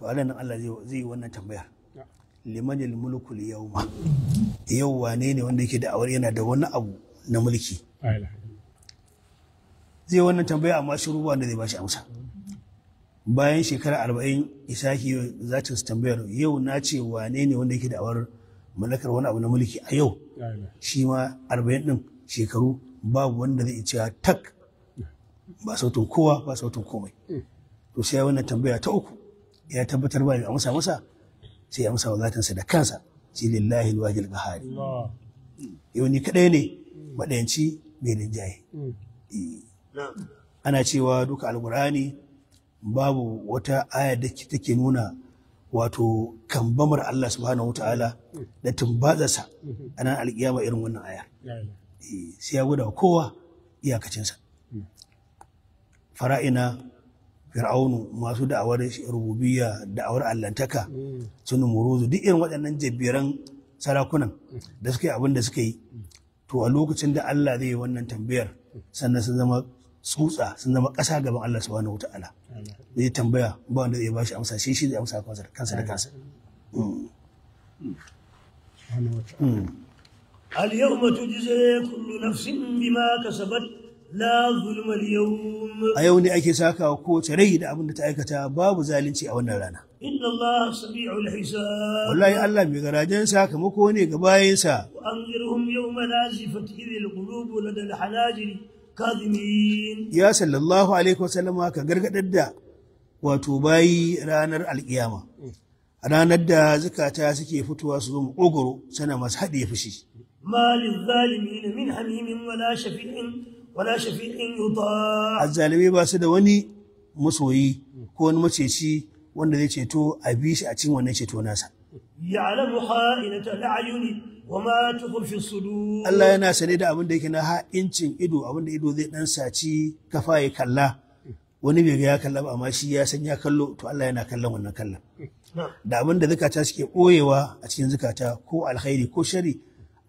to a nan Allah zai yi wannan tambaya. liman mulku yawma yau wane ne wanda yake da awar yana da wani abu na mulki zai wannan tambaya amma shiru wanda zai bashi amsa bayan shekara arba'in isaki za ta su tambayar yau na ce wane ne wanda yake da awar mallakar wani abu na mulki a yau shi ma arba'in din shekaru babu wanda zai cewa tak ba sautin kowa ba sautin komai hmm. to sai wannan tambaya ta uku ya tabbatar ba a amsa masa sai ya amsa wa zatinsa da kansa shi lillahi alwajil bahari mm. yau ni kadai ne madayanci mai linjaye mm. eh. ana cewa duka alkur'ani babu wata aya da take nuna wato kambamar Allah subhanahu ta'ala mm. da tumbazarsa mm-hmm. a nan alkiyama irin wannan ayar eh, sai ya gwada kowa iyakacinsa fara'ina fir'aunu masu da'awar rububiyya da'awar allantaka sun muruzu duk irin waɗannan jabiran sarakunan da suka yi abin da suka yi to a lokacin da Allah zai yi wannan tambayar sannan sun zama tsutsa sun zama ƙasa gaban Allah subhanahu wata'ala zai tambaya ba wanda zai bashi amsa shi shi zai amsa kansa da kansa hmm. hmm. yawma تجزى kullu nafsin bima kasabat. la zulmal yawm a yau ne ake saka ko rai da abin da ta aikata babu zalunci a wannan rana inna Allah sami'ul hisab wallahi Allah mai garajen sakamako ne ga bayansa wa anzirhum yawma lazifati idil qulubu lada al-hanajiri kadimin. ya sallallahu alaihi wasallam ka gargadar da wato bayi ranar alkiyama ranar da zukata suke fitowa su zo makogoro sana masu haɗe fushi ma lil zalimin min hamimin wala shafi'in wala shafi'in yuta ba su da wani masoyi ko wani maceci wanda zai ceto a bi shi a cikin wannan ceto nasa ya'lamu kha'inata al'ayuni wa ma tukhfi sudur Allah yana sane da abin da yake na ha'incin ido abin da ido zai dan saci kafa ya kalla wani bai ga ya kalla ba amma shi ya san ya kallo to Allah yana kallon wannan kallon da abin da zukata suke boyewa a cikin zukata ko alkhairi ko shari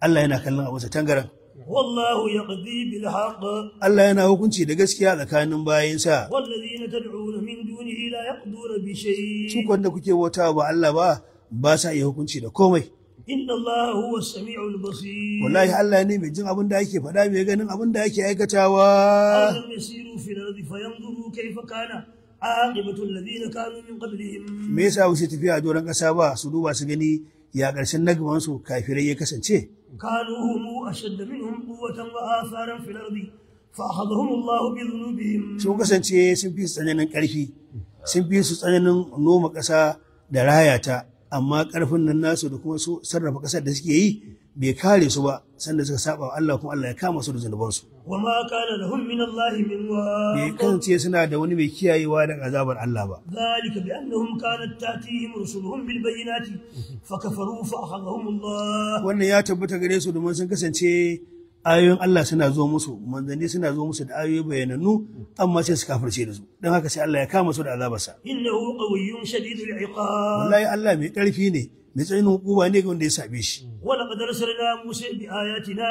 Allah yana kallon a wasa tangaran wallahu ya yaqdi bil haqq Allah yana hukunci da gaskiya tsakanin bayinsa wallazina tad'una min dunihi la yaqduna bi shay'in. su wanda kuke wata ba Allah ba ba sa iya hukunci da komai inna Allah huwa samiul basir wallahi Allah ne mai jin abin da ake faɗa mai ganin abin da ake aikatawa alam yasiru fil ardi fayanzuru kayfa kana aqibatu alladhina kanu min qablihim me yasa wuce tafiya doron ƙasa ba su duba su gani ya ƙarshen nagaban kafirai ya kasance Kanuhu mu a shaddabin unguwar tangar a tsarin filar zi. Fa a ga alhamis Allah ke zunubi. Sun kasance sun fi suttane nan ƙarfi, noma ƙasa da rayata, amma ƙarfin nan na saurin kuma sarrafa ƙasa da suke yi bai kare su ba sanda suka saba wa Allah kuma Allah ya kama su da zunubansu. wa ma kana lahum min Allah min wa bai kance suna da wani mai kiyayewa daga azabar Allah ba zalika bi annahum kanat tatihim rusuluhum bil bayyinati fa kafaru fa akhadhahum Allah wannan ya tabbata gare su domin sun kasance ayoyin Allah suna zo musu manzanni suna zo musu da ayoyi bayananu amma sai su kafirce da su dan haka sai Allah ya kama su da azabarsa innahu qawiyyun shadidul iqab wallahi Allah mai karfi ne mai tsayin hukuma ne ga wanda ya same shi wala qad arsalna musa bi ayatina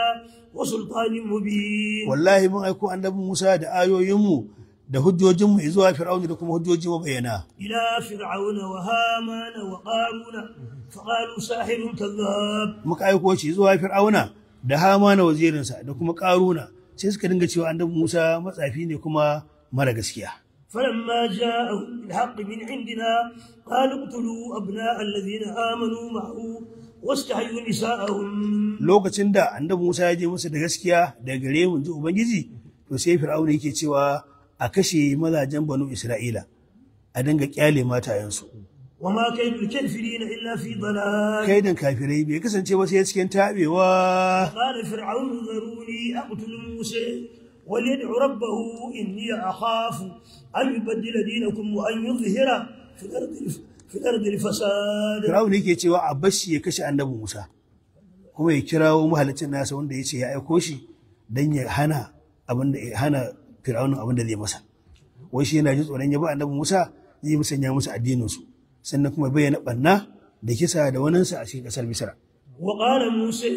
wa sultanin mubin wallahi mun aiko annabi musa da ayoyinmu da hujjojinmu zuwa fir'auna da kuma hujjoji bayyana. ila fir'auna wa hamana wa qaruna fa qalu sahirun kadhab muka aiko shi zuwa fir'auna da hamana wazirinsa da kuma qaruna sai suka dinga cewa annabi musa matsafi ne kuma mara gaskiya فلما جاءوا بالحق من عندنا قالوا اقتلوا أبناء الذين آمنوا معه واستحيوا نساءهم lokacin da annabi Musa ya je musu da gaskiya daga gare mu ji ubangiji to sai fir'auna yake cewa a kashe mazajen banu Isra'ila a dinga kyale matayensu wama kaidul kafirina illa fi dalal kaidan kafirai bai kasance ba sai cikin tabewa qala fir'aunu zaruni aqtul musa وليدعو ربه إني أخاف أن يبدل دينكم وأن يظهر في الأرض في الأرض الفساد فرعون yake cewa a bashi ya kashe annabin Musa kuma ya kirawo mahalicin nasa wanda ya ce ya aiko shi dan ya hana abin Fir'aun abin da zai masa wai shi yana jin tsoron ya bi annabi Musa zai musanya musu addinin su sannan kuma bayyana banna da kisa da waninsa a cikin kasar Misra وقال موسى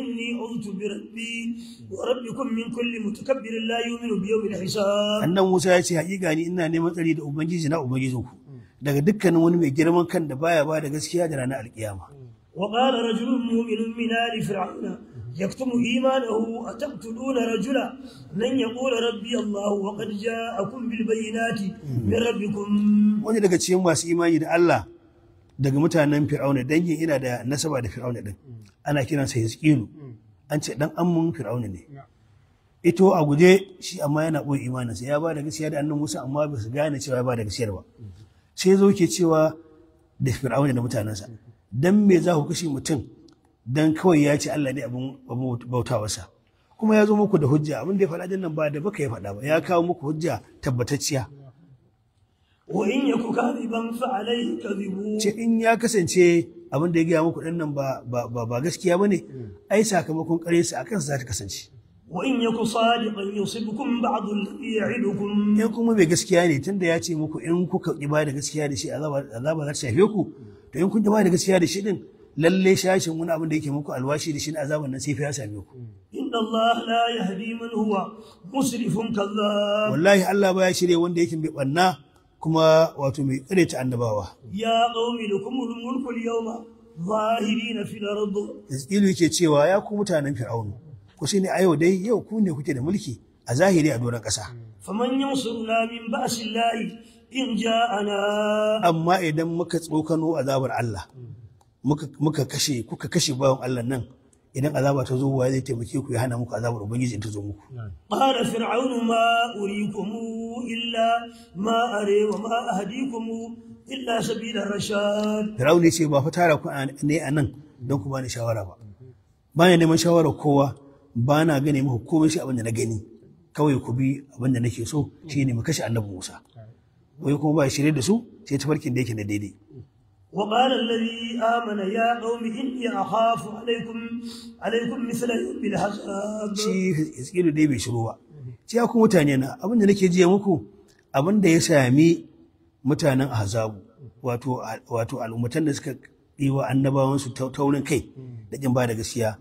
إني عذت بربي وربكم من كل متكبر لا Musa ya ce, أن ne, ina neman tsari da تريد na أبنجيزوك daga dukkanin wani mai girman kan da baya ba da gaskiya da ranar alkiyama wa qala rajulun mu'minun min ali fir'auna yaktumu imanahu ataqtuluna rajula nan yaqulu rabbi allah wa a ja'akum bil bayyinati min rabbikum wani daga cikin masu imani da Allah daga mutanen fir'auna dangin ina da nasaba da fir'auna din ana kiran sa hiskilu an ce dan ammun fir'auna ne ito a guje shi amma yana imanin sa ya ba da gaskiya da annan musa amma ba su gane cewa ya ba da gaskiya ba sai zo ke cewa da fir'auna da mutanensa dan me za ku kashe mutum dan kawai ya ce Allah ne abin bautawarsa kuma ya zo muku da hujja abin da ya faɗa din nan ba da baka ya faɗa ba ya kawo muku hujja tabbatacciya wa in ce in ya kasance abin da ya gaya muku ɗan nan ba ba gaskiya bane ai sakamakon kare su akan su za ta kasance wa in yaku sadiqan yusibukum ba'd alladhi ya'idukum in kuma bai gaskiya ne tunda ya ce muku in kuka ki ba da gaskiya da shi azaba azaba za ta ku to in kun ki ba da gaskiya da shi din lalle shashin wani abin da yake muku alwashi da shi na azaban nan sai fa ya same ku inna Allah la yahdi man wallahi Allah baya shirya wanda yake bai banna kuma wato mai ta annabawa ya qaumi lakumul mulku al-yawma zahirina fil ard Izkilu yake cewa ya ku mutanen Fir'aunu ku ne a yau dai yau ku ne kuke da mulki a zahiri a doron ƙasa faman yansuruna min ba'sillahi in ja'ana amma idan muka tsokano azabar Allah muka kashe kuka kashe bawan Allah nan idan azaba ta zo wa zai taimake ku ya hana muku azabar ubangiji ta zo muku hmm. qala fir'aunu ma urikum illa ma are wa ma ahdikum illa sabila rashad fir'aunu ce ba fa tara ku ne anan don ku bani shawara ba bani neman shawara kowa ba na gane muku komai shi abin na gani kawai ku bi abin da nake so shine mu kashe annabi Musa hmm. wai kuma ba shirye da su sai tafarkin da yake na daidai وقال الذي آمن يا قوم إني أخاف عليكم عليكم مثل يوم الحساب شي يسكيلو دي بي شروع ce ku mutane na abin da nake jiya muku abin da ya sami mutanen ahazabu wato wato al'ummatan da suka ɗiwa annabawan su taurin kai da kin ba da gaskiya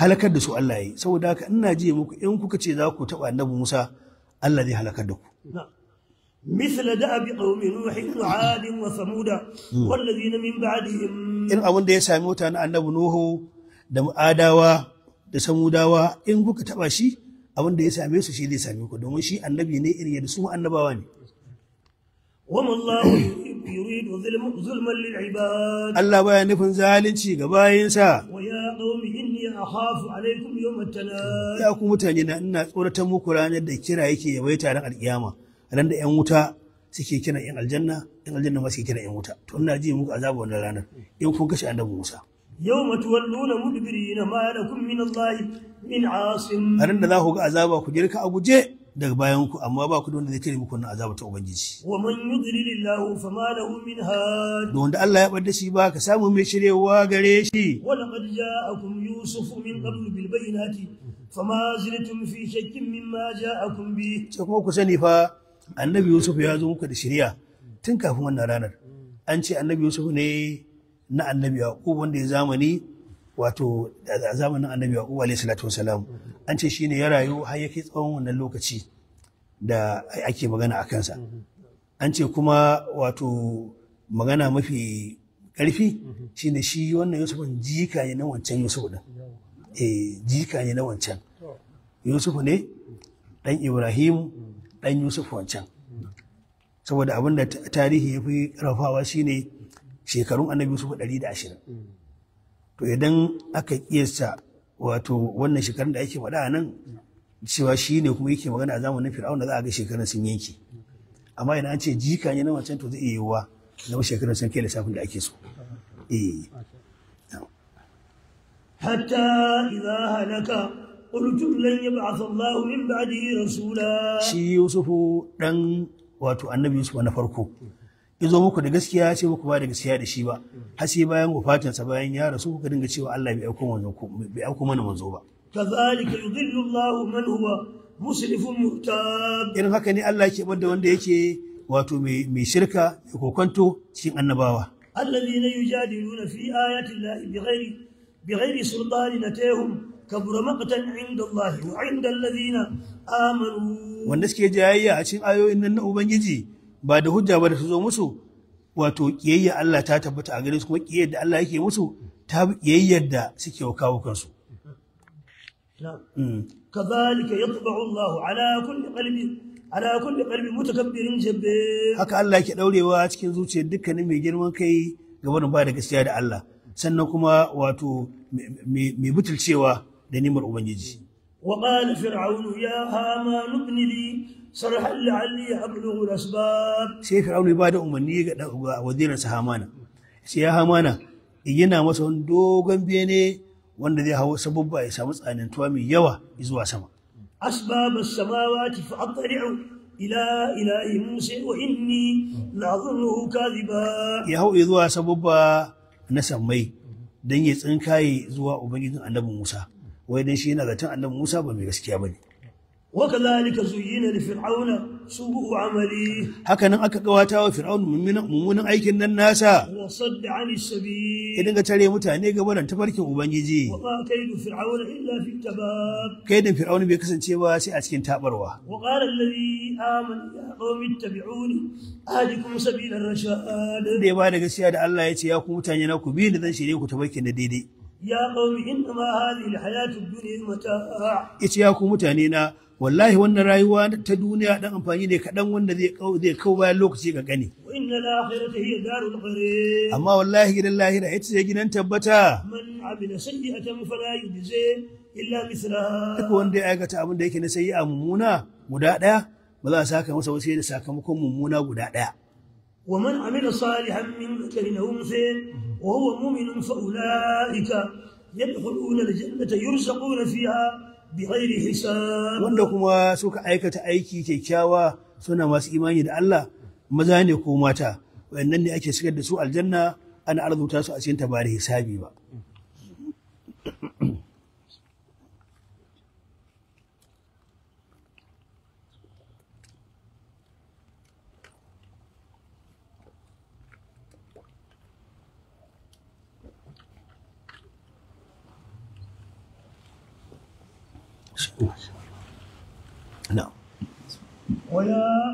halakar da su Allah yi saboda haka ina jiya muku in kuka ce za ku taɓa annabi Musa Allah zai halakar da ku مثل دأب قوم نوح وعاد وثمود والذين من بعدهم إن أبن دي سامي أن أنب نوح دم آداوا da samudawa in kuka taba shi abin da ya same su shi zai same ku domin shi annabi ne irin yadda su annabawa ne Allah baya nufin zalunci ga bayinsa ya ku mutane na ina tsoratar muku ranar da kira yake yawaita taron alkiyama ran da 'yan wuta suke kiran 'yan aljanna ƴan aljanna ma suke kiran 'yan wuta to ina ji muku azabu wannan ranar in kun kashe annabi Musa yawma tuwalluna mudbirina ma lakum min Allah min asim ran da za ku ga azaba ku girka a guje daga bayan ku amma ba ku da wanda zai tare muku wannan azaba ta ubangiji wa man yudlilillahu fama lahu min had don da Allah ya bar da shi ba ka samu mai shirewa gare shi wa laqad ja'akum yusuf min qablu bil bayyinati fama zalatum fi shakkin mimma ja'akum bi ku sani fa annabi yusuf ya zo muka da shirya tun kafin wannan ranar an ce annabi yusuf ne na annabi yaqub wanda ya zamani wato a zamanin annabi yaqub alayhi salatu wasalam an ce shine ya rayu har yake tsawon wannan lokaci da ake magana a kansa an ce kuma wato magana mafi ƙarfi shine shi wannan yusuf jika ne na wancan yusuf din eh jika ne na wancan yusuf ne dan ibrahim ɗan Yusuf wancan. Saboda abin da tarihi ya fi rafawa shine shekarun annabi Yusuf ɗari da ashirin. To idan aka kiyasta wato wannan shekarun da ake faɗa a nan cewa shi ne kuma yake magana a zamanin Fir'aun da za a ga shekarun sun yanke. Amma idan an ce jika ne na wancan to zai iya yiwuwa na shekarun sun kai lissafin da ake so. Eh. حتى إذا هلك qultu lan yab'ath Allahu min ba'dihi rasula shi Yusufu dan wato annabi Yusuf na farko izo muku da gaskiya ce muku ba da gaskiya da shi ba har sai bayan sa bayan ya rasu kuka dinga cewa Allah bai aiko ku bai aiko mana manzo ba kazalika yudillu Allahu man huwa muslifun muhtab irin haka ne Allah yake bar da wanda yake wato mai shirka ko kokonto cikin annabawa alladhina yujadiluna fi ayati Allahi bighairi bighairi sultanin atahum kabura maqtan inda Allah wa inda alladhina amanu wanda suke jayayya a cikin ayoyin nan na ubangiji ba da hujja ba da su zo musu wato kiyayya Allah ta tabbata a gare su kuma kiyayya da Allah yake musu ta kiyayyar da suke kawo kansu mm. kazalika yatba'u Allah ala kulli qalbi ala kulli qalbi mutakabbirin jabbar haka Allah yake daurewa cikin zuciyar dukkanin mai girman kai gaban ba da gaskiya da Allah sannan kuma wato mai butulcewa da nimar ubangiji wa qala fir'aunu ya haman ibn li sarhan la'alli ablughu al-asbab sai fir'aunu ya bada umarni ga wazirin sa hamana sai ya hamana yana masa wani dogon bene wanda zai hawo sababba ya samu tsanantuwa mai yawa zuwa sama asbab as-samawati fa atri'u ila ilahi musa wa inni la'adhunnuhu kadhiba ya hau zuwa sababba na samai dan ya tsinkaye zuwa ubangijin annabi Musa wai dan shi yana zaton annabi Musa ba mai gaskiya bane وكذلك زين Fir'auna سوء عمله haka nan aka gawata wa fir'aun mummunan aikin nan nasa wa sadd ani sabil idan ga tare mutane ga wannan tafarkin ubangiji wa ma kaidu Fir'auna illa fi tabab kaidin Fir'auna bai kasance ba sai a cikin tabarwa wa qala alladhi amana ya qaumi ittabi'uni ahdikum sabila ar-rashad da ba da gaskiya da Allah ya ce ya ku mutane na ku bi da zan shirye ku tabarkin da daidai ya qaumi innama hali alhayatu ad-dunya mata'a yace ya ku mutane na wallahi wannan rayuwa ta duniya dan amfani ne kadan wanda zai kau bayan lokaci ga gani inna al-akhirata hiya darul qarar amma wallahi gidan lahira ce gidan tabbata man amila sayyi'atan fala yujzi illa mislaha duk wanda ya aikata abin da yake na sayi a mummuna guda ɗaya, ba za a saka masa wasu da sakamakon mummuna guda ɗaya. wa man amila salihan min dhakarin aw unsa وهو مؤمن فأولئك يدخلون الجنة يرزقون فيها بغير حساب wanda kuma suka aikata aiki kyakkyawa suna masu imani da Allah maza ne ko mata wayannan ne ake shigar da su aljanna ana arzuta su a cikin ta ba da hisabi ba ويا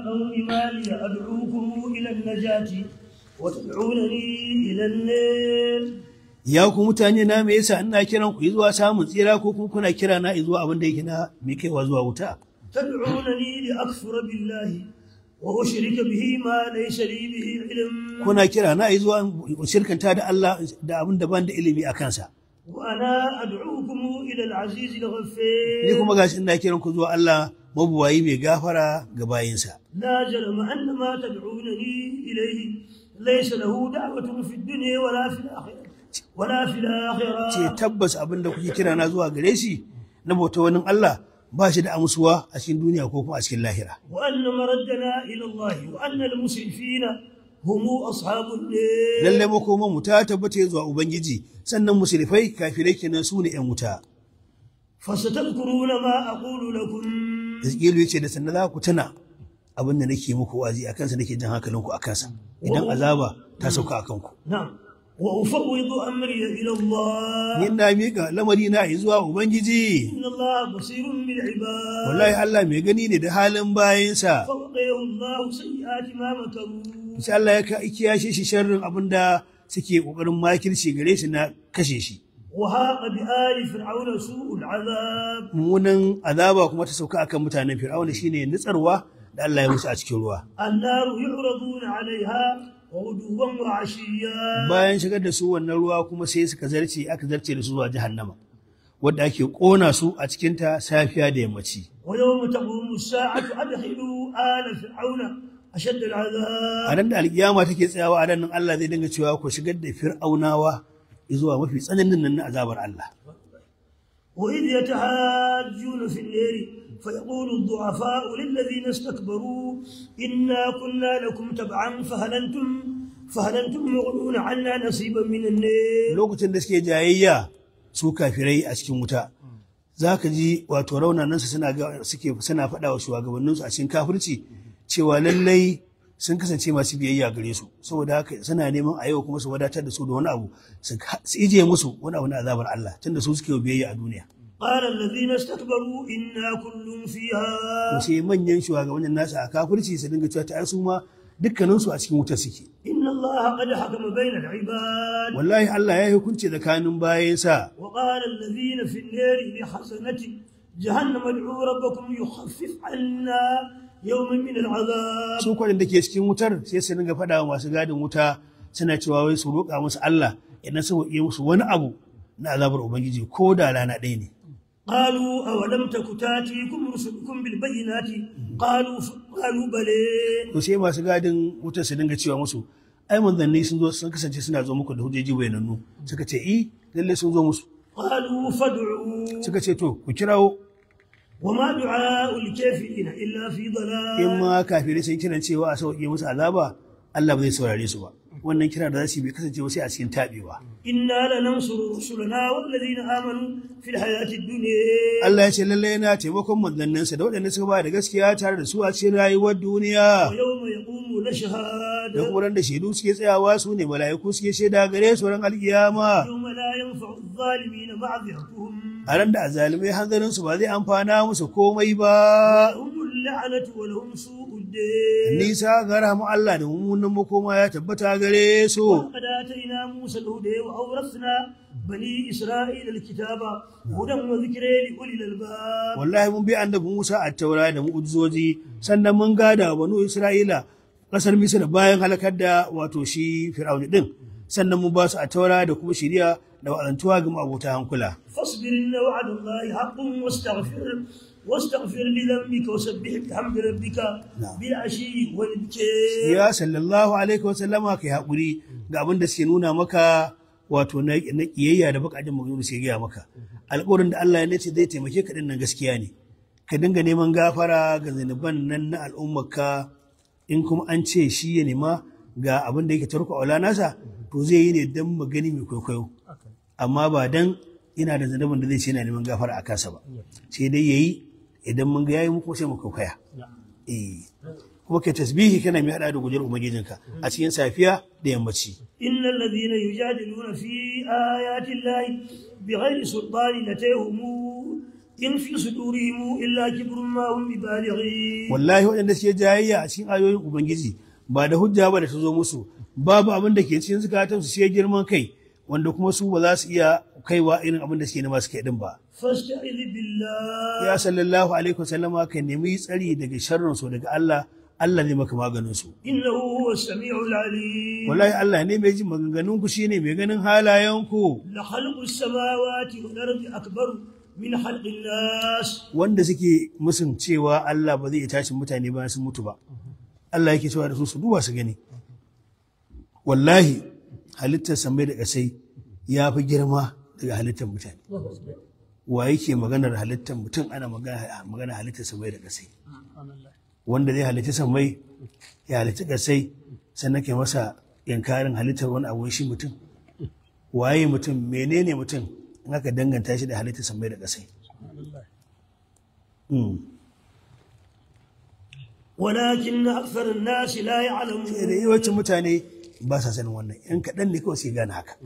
قوم أدعوكم إلى النجاة وتدعونني إلى ya ku mutane na me yasa ina kiran ku zuwa samun tsira ko kuma kuna kira na zuwa abin da yake na mai kaiwa zuwa wuta tad'unani li akfura billahi wa ushrika bihi ma laysa li bihi ilm kuna kira na zuwa shirkanta da Allah da abin da ban da ilimi a kansa wa ila al-aziz ni kuma gashi ina kiran ku zuwa Allah mabuwayi mai gafara ga bayinsa la jalma anna ma tad'unani ilayhi laysa lahu da'watun fi dunya wala fi akhirah wala fi akhirah ce tabbas abinda kuke kira na zuwa gare shi na bauta wani Allah ba shi da amsuwa a cikin duniya ko kuma a cikin lahira wa anna maraddana ila Allah wa anna al-musrifina humu ashabun ne lalle makoma mu ta tabbata zuwa ubangiji sannan musulfai kafirai kenan su ne yan wuta fasatadkuruna ma aqulu lakum Hizkilu ce da sannan za ku tuna abin da nake muku wazi a kansa nake jan hankalin a kansa, idan azaba ta sauka a kanku. akan ku na'am wa an amri ila Allah ni na mika lamari na yi zuwa ubangiji inna Allah basirun min ibad wallahi Allah mai gani ne da halin bayansa sai Allah ya kiyashe shi sharrin abin da suke kokarin makirci gare shi na kashe shi وهاق بآل فرعون سوء العذاب مونن عذابا كما تسوكا كان متانين فرعون شيني نتروا لألا يموت Bayan النار يعرضون عليها wannan وعشيا باين sai سوء النروا كما zarce da su zuwa jahannama, wadda ake ƙona su a cikinta safiya da yammaci. Wa yau mu taɓumu sa'atu adkhilu ala fir'auna ashadda al'azab. A nan da alƙiyama take tsayawa a nan Allah zai dinga cewa ku shigar da fir'aunawa izuwa mafi tsananin nan na azabar allah. o in da ya ta har juna finɗari fyaɗe kodan zuwa fa'ulil da biyu na saka baro ina kunna da kuma taban fahimtun fahimtun ne gudunan can na nasibin minin lokacin da suke jayayya su kafirai a cikin wuta zaka ji wato raunannan suke suna fadawa shugabanninsu a shinkafan ci cewa lallai. sun kasance masu biyayya gare su saboda haka suna neman a yau kuma su wadatar da su da wani abu su ije musu wani abu na azabar Allah tunda su suke biyayya a duniya قال الذين استكبروا إنا كل فيها sai manyan shugabannin nasa a kafirci su dinga cewa ta su ma dukkanin su a cikin wuta suke inna Allah qad hakama bayna al wallahi Allah ya hukunce tsakanin sa? wa qala alladhina fi an-nar li hasanati jahannam ad'u rabbakum yukhaffif 'anna yawmin min al'azab su kwanin da ke cikin wutar sai su dinga faɗa masu gadin wuta suna cewa wai su roƙa musu Allah idan su iya musu wani abu na azabar ubangiji ko da rana ɗaya ne قالوا أولم تك تاتيكم رسلكم بالبينات قالوا قالوا بلى to sai masu gadin wutar su dinga cewa musu ai manzanni sun zo sun kasance suna zo muku da hujjoji bayanannu suka ce i eh, lalle sun zo musu qalu fad'u suka ce to ku kirawo wa ma du'a'ul kafirina illa fi dalal in ma kafirai kiran cewa a sauke musu azaba Allah ba zai saurare su ba wannan kira da za su bai kasance wasu a cikin tabewa inna lanansuru rusulana wallazina amanu fil hayati dunya Allah ya ce lalle yana taimakon manzanninsa da waɗanda suka ba da gaskiya tare da su a cikin rayuwar duniya da shahada da shaidu suke tsayawa su ne mala'iku suke shaida gare su ran alkiyama a ran da azalimai hanzarin su ba zai amfana musu komai ba nisa ga rahama Allah da mummunan makoma ya tabbata gare su bani isra'ila alkitaba hudan wa zikra li mun bi annabi musa at-taura da mu'ujizoji sannan mun gada banu isra'ila ƙasar misira bayan halakar da wato shi fir'auni din sannan mun ba su a taura da kuma shiriya da wa'azantuwa ga ma'abota hankula fasbir inna wa'adallahi haqqun wastaghfir واستغفر لذنبك وسبح بحمد ربك بالعشي والبكير Ya sallallahu alaihi wa وسلم كي haƙuri ga abin da suke nuna maka wato na kiyayya da bakajin maganganu suke gaya maka alƙawarin da Allah ya nace zai taimake ka dinnan gaskiya ne ka dinga neman gafara ga zanuban nan na al'ummarka in kuma an ce shi ya nema ga abin da yake tarko aula nasa to zai yi ne dan magani mai kwaikwayo amma ba dan ina da zanen da zai ce yana neman gafara a kansa ba sai dai yayi idan mun ga yayi muku sai mu kwaikwaya eh kuma kai tasbihi kana mai hada da gujar ka a cikin safiya da yammaci innal ladina yujadiluna fi ayati llahi bighairi sultani in fi sudurihim illa kibrun ma hum bibalighi wallahi wadanda suke jayayya a cikin ayoyin ubangiji ba da hujja ba da ta zo musu babu abin da ke cikin zukatansu sai girman kai wanda kuma su ba za su iya kaiwa irin abin da suke nema suke din ba ya sallallahu alaihi wasallama kai nemi tsari daga sharrin su daga Allah Allah ne maka maganin su innahu huwa samiul alim wallahi Allah ne mai jin maganganun ku shine mai ganin halayen ku la khalqus samawati wal ardi akbar min halqin nas wanda suke musun cewa Allah ba zai tashi mutane ba sun mutu ba Allah yake cewa da su su duba su gani wallahi halittar samai da kasai ya fi girma daga halittar mutane wa yake maganar halittar mutum ana magana halittar samai da kasai wanda zai halitta samai ya halitta kasai sannan ke masa yankarin halittar wani abu shi mutum waye mutum menene mutum in aka danganta shi da halittar samai da ƙasai hmm. walakin na aksar nasi la Sai da yawancin mutane ba sa sanin wannan yan kaɗan ne kawai sai gane haka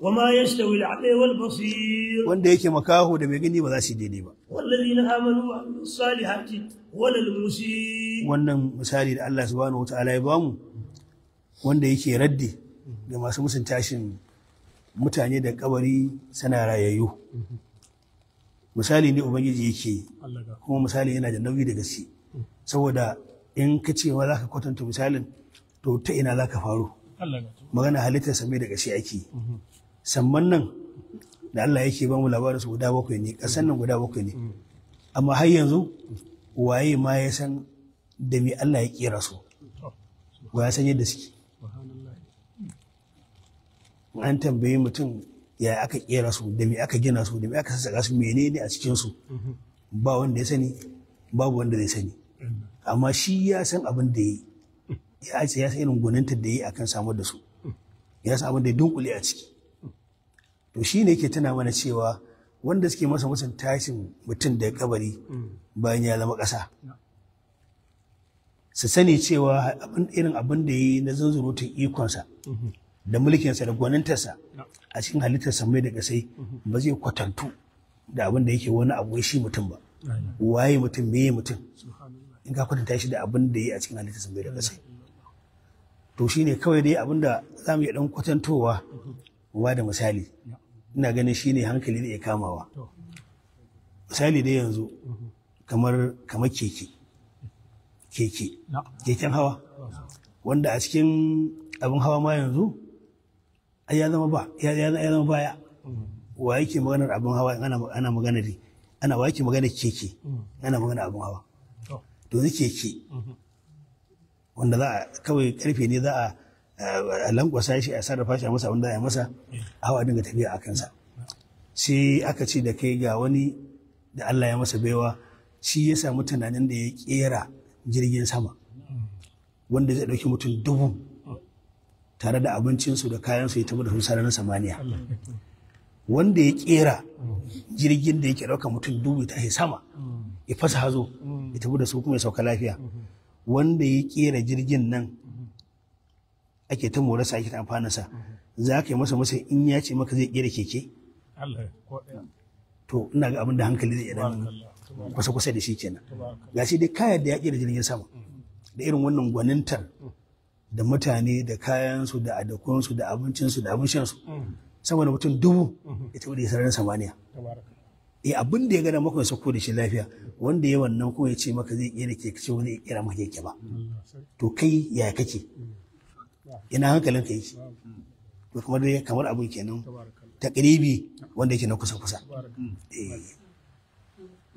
wa ma yastawi al-a'ma wal basir wanda yake makaho da mai gani ba za su yi daidai ba wallazina amanu wa salihati walal musi wannan misali da Allah subhanahu wataala ya bamu wanda yake raddi ga masu musun tashin mutane da kabari suna rayayyu misali ne ubangiji yake kuma misali yana da nauyi da gaske saboda in ka ce wa za ka kwatanta misalin to ta ina za ka faru magana halittar same da gaske ake mhm. samman nan da Allah yake ba mu labarin su guda bakwai ne kasan nan guda bakwai ne mhm. amma har yanzu waye ma ya san da me Allah ya kera su wa ya san yadda suke an tambayi mutum ya aka kera su da me aka gina su da me aka sassaka su menene a cikin su ba wanda ya sani babu wanda zai sani amma shi ya san abin da yi ya aice ya san irin gonanta da yi akan samar da su ya san abin da ya dunkule a ciki to shi ne yake tana mana cewa wanda suke masa musan tashin mutum da kabari bayan ya zama ƙasa su sani cewa irin abin da yi na zunzurutun ikonsa da mulkinsa da gwanintarsa a cikin halittar mai da kasai mm-hmm. ba zai kwatantu da abin da yake wani abu shi mutum ba waye mutum meye mutum in ka kwatanta shi da abin da yi a cikin halittar mai da kasai mm-hmm. to shine kawai dai abin da za mu iya dan kwatantowa ba mm-hmm. da misali ina ganin shine hankali da ya kamawa misali dai yanzu kamar kamar keke keke keken hawa wanda a cikin abin hawa ma yanzu ya zama ba ya zama baya wa yake maganar abin hawa ana magana ne ana wa yake magana keke ana magana abin hawa to ni keke wanda za a kawai karfe ne za a lankwasa shi a sarrafa shi a masa wanda ya masa hawa dinga tafiya a kansa sai aka ce da kai ga wani da Allah ya masa baiwa shi ya samu tunanin da ya kera jirgin sama wanda zai ɗauki mutum dubu tare da abincinsu da kayansu ya tabbata da su sararin samaniya wanda ya kera jirgin da yake ɗauka mutum dubu ta sama ya fasa hazo ya tabbata da su kuma ya sauka lafiya wanda ya kera jirgin nan ake ta sa ake ta sa za ka yi masa masa in ya ce maka zai kera keke to ina ga abin da hankali zai yada kusa kusa da shi kenan ga shi dai kayan da ya kera jirgin sama da irin wannan gwanintar da mutane da kayansu da adakunsu da abincinsu da abincinsu sama da mutum dubu ya taɓa da ya sararin samaniya e abin da ya gada maka ya da shi lafiya wanda ya wannan kuma ya ce maka zai iya da ke kace wani ya kira maka yake ba to kai ya kake ina hankalin ka yake to kamar kamar abin kenan takribi wanda yake na kusa kusa eh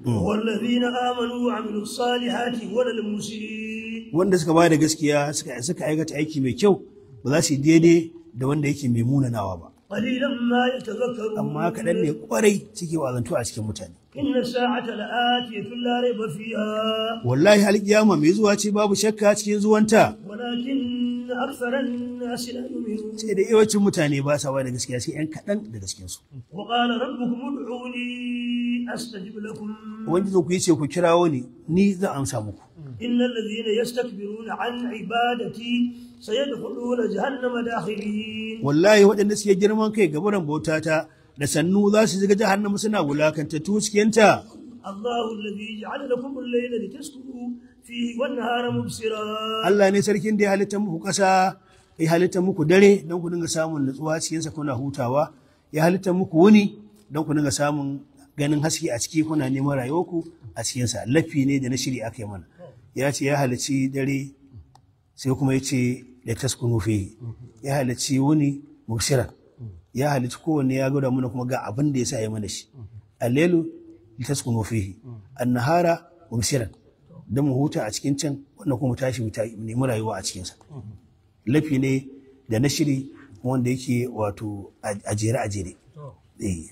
Mm. والذين آمنوا وعملوا الصالحات ولا المسيء wanda suka bada gaskiya suka suka aikata aiki mai kyau ba za su daidai da wanda yake mai munanawa ba qalilan ma yatazakkarun amma kadan ne kwarai suke wazantu a cikin mutane inna sa'ata la'atiyatun la raiba fiha wallahi hal alkiyama mai zuwa ce babu shakka cikin zuwanta walakin aksaran nas la yu'minun sai da yawancin mutane ba sa da gaskiya sai yan kadan da gaskiyar su wa qala rabbukum ud'uni astajib lakum wanda ku yace ku kirawo ni ni zan amsa muku innal ladhina yastakbiruna an ibadati sayadkhuluna jahannama dakhirin wallahi waɗanda suke girman kai gaburan bautata da sannu za su shiga jahannama suna wulakantattu cikinta Allahu alladhi Allah ne sarkin da ya halitta muku kasa ya halitta muku dare don ku dinga samun nutsuwa cikin kuna hutawa ya halitta muku wuni don ku dinga samun ganin haske a ciki kuna neman rayuwarku a cikin sa lafi ne da na shiri aka yi mana ya ce ya halici dare sai kuma ya ce litaskunu fihi ya halici wuni mubsira ya halicci kowanne ya gauda mana kuma ga abin da ya sa ya mana shi allelu litaskunu fihi annahara mubsiran dan mu huta a cikin can wannan kuma tashi mu nemi rayuwa a cikinsa. sa lafi ne da na shiri wanda yake wato ajere ajere eh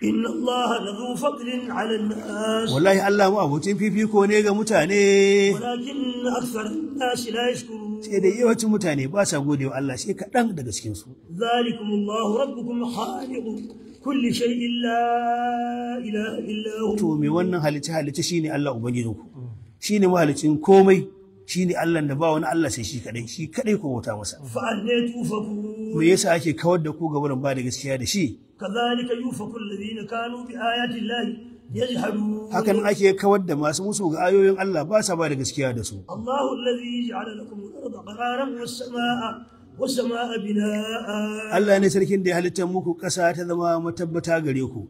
inna Allah la zu fadlin ala nas wallahi Allah mu abocin fifiko ne ga mutane walakin aksar nas la yashkurun sai da yawancin mutane ba sa gode Allah sai kaɗan daga cikin su zalikumullahu rabbukum khaliqu kulli shay illa ila illa to me wannan halice halice shine Allah ubangijinku shine mahalicin komai shine Allah da ba wani Allah sai shi kadai shi kadai ko wata masa fa anne tufaku me yasa ake kawar da ku ga wurin ba da gaskiya da shi kazalika yufaku alladhina kanu bi ayati llahi yajhadu hakan ake kawar da masu musu ga ayoyin Allah ba sa ba da gaskiya da su Allahu alladhi ja'ala lakum al-ardha qararan was-samaa'a wasama'a bina'a Allah ne sarkin da ya halitta muku kasa ta zama matabbata gare ku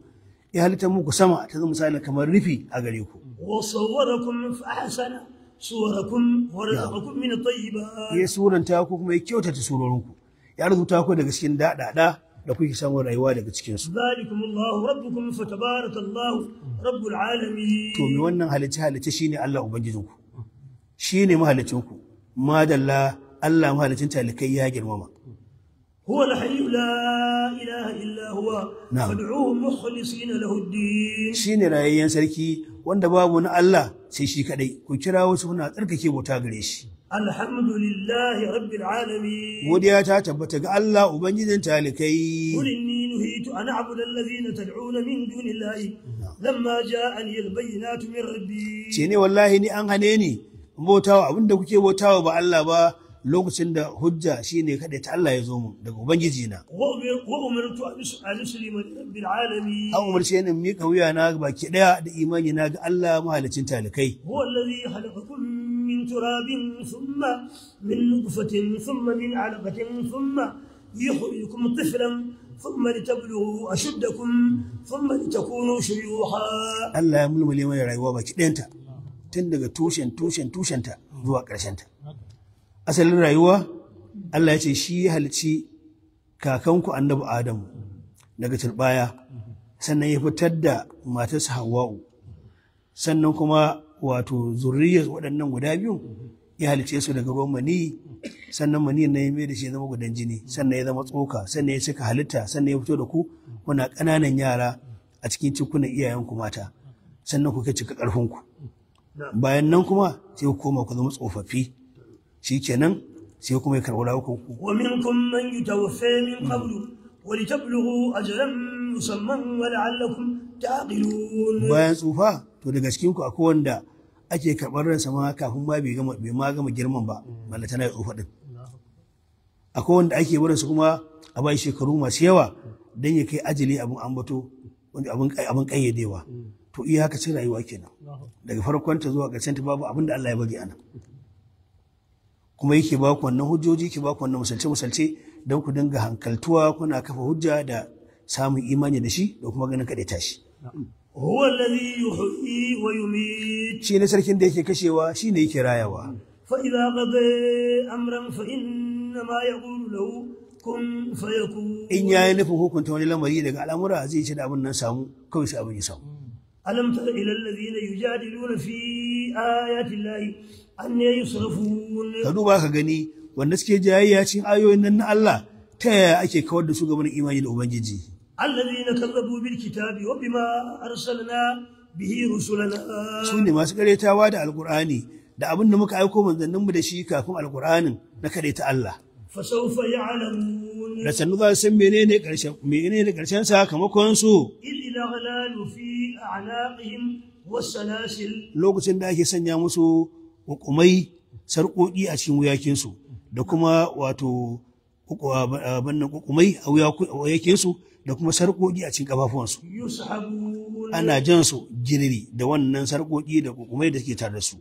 ya halitta muku sama ta zama misali kamar rufi a gare ku wa sawwarakum fa ahsana suwarakum wa razaqakum min at-tayyibat ya sunanta ku kuma ya kyautata surorinku ya rubuta ku daga cikin daɗaɗa da kuke samun rayuwa daga cikin su zalikumullahu rabbukum fatabarakallahu rabbul alamin to me wannan halice halice shine Allah ubangijinku shine mahalicinku madalla Allah mahalicin talikai ya girmama هو الحي لا إله إلا هو نعم فادعوه مخلصين له الدين شين رأيين سركي wanda babu na Allah sai shi kadai ku kira wasu kuna tsarkake bauta gare shi alhamdulillahi rabbil alamin godiya ta tabbata ga Allah ubangijin talikai qul inni nuhitu an a'budu alladhina tad'una min dunillahi lamma ja'ani albayyinatu min rabbi ce ne wallahi ni an hane ni bautawa abinda kuke bautawa ba Allah ba lokacin da hujja shi ne kada ta Allah ya zo mu daga ubangiji na wa umirtu an uslima bil alamin an umarce na baki ɗaya da imani na ga Allah mahalicin talikai huwa alladhi khalaqakum min turabin thumma min nutfatin thumma min alaqatin thumma ثم لتبلغوا أشدكم ثم لتكونوا الله يملم لي ما يرى يوابك تندق توشن توشن توشن تا zuwa ƙarshenta. asalin rayuwa Allah ya ce shi ya halici kakanku annabi Adam daga turbaya sannan ya fitar da matarsa Hawwa'u sannan kuma wato zurriyar waɗannan guda biyu ya halice su daga ruwan mani sannan mani na yi da shi ya zama gudan jini sannan ya zama tsoka sannan ya cika halitta sannan ya fito da ku kuna ƙananan yara a cikin cikunan ku mata sannan kuka cika ƙarfinku bayan nan kuma sai ku koma ku zama tsofaffi shikenan sai kuma ya karɓi rawukan ku wa kun man yutawaffa min qablu wa a ajran musamman wa la'allakum taqilun bayan tsufa to daga cikin ku akwai wanda ake karɓar ransa ma kafin ma bai gama bai ma gama girman ba balla tana tsufa din akwai wanda ake barin su kuma a bai shekaru masu yawa dan ya kai ajali abin ambato wanda abin abin kayyadewa to iya haka sai rayuwa kenan daga farkon ta zuwa ga ta babu abin da Allah ya bari ana kuma yake ba ku wannan hujjoji ke ba ku wannan musalce musalce don ku dinga hankaltuwa kuna kafa hujja da samun imani da shi da kuma ganin kaɗai tashi. Huwa alladhi yuhyi wa yumit. Shi ne sarkin da yake kashewa shi ne yake rayawa. Fa idza qada amran fa inna ma yaqulu lahu kun fayakun. In ya yi nufin hukunta wani lamari daga al'amura zai ce da abin nan samu kawai sai abin ya samu. Alam تر إلى الذين يجادلون في آيات الله an ne ka duba ka gani wanda suke jayayya cikin ayoyin nan na Allah ta yaya ake kawar da su gaban imani da ubangiji alladhina kazzabu bil kitabi wa bima arsalna bihi rusulana su ne masu karetawa da alqur'ani da abin da muka aiko manzannin mu da shi kafin alqur'anin na kareta Allah fasawfa ya'lamun da sanu za san menene karshen menene karshen sakamakon su illa fi a'naqihim wasalsil lokacin da ake sanya musu hukumai sarƙoƙi a cikin wuyakinsu da kuma wato bannan hukumai a wuyakinsu da kuma sarƙoƙi a cikin ƙafafuwansu ana jan su giriri da wannan sarƙoƙi da hukumai da suke tare da su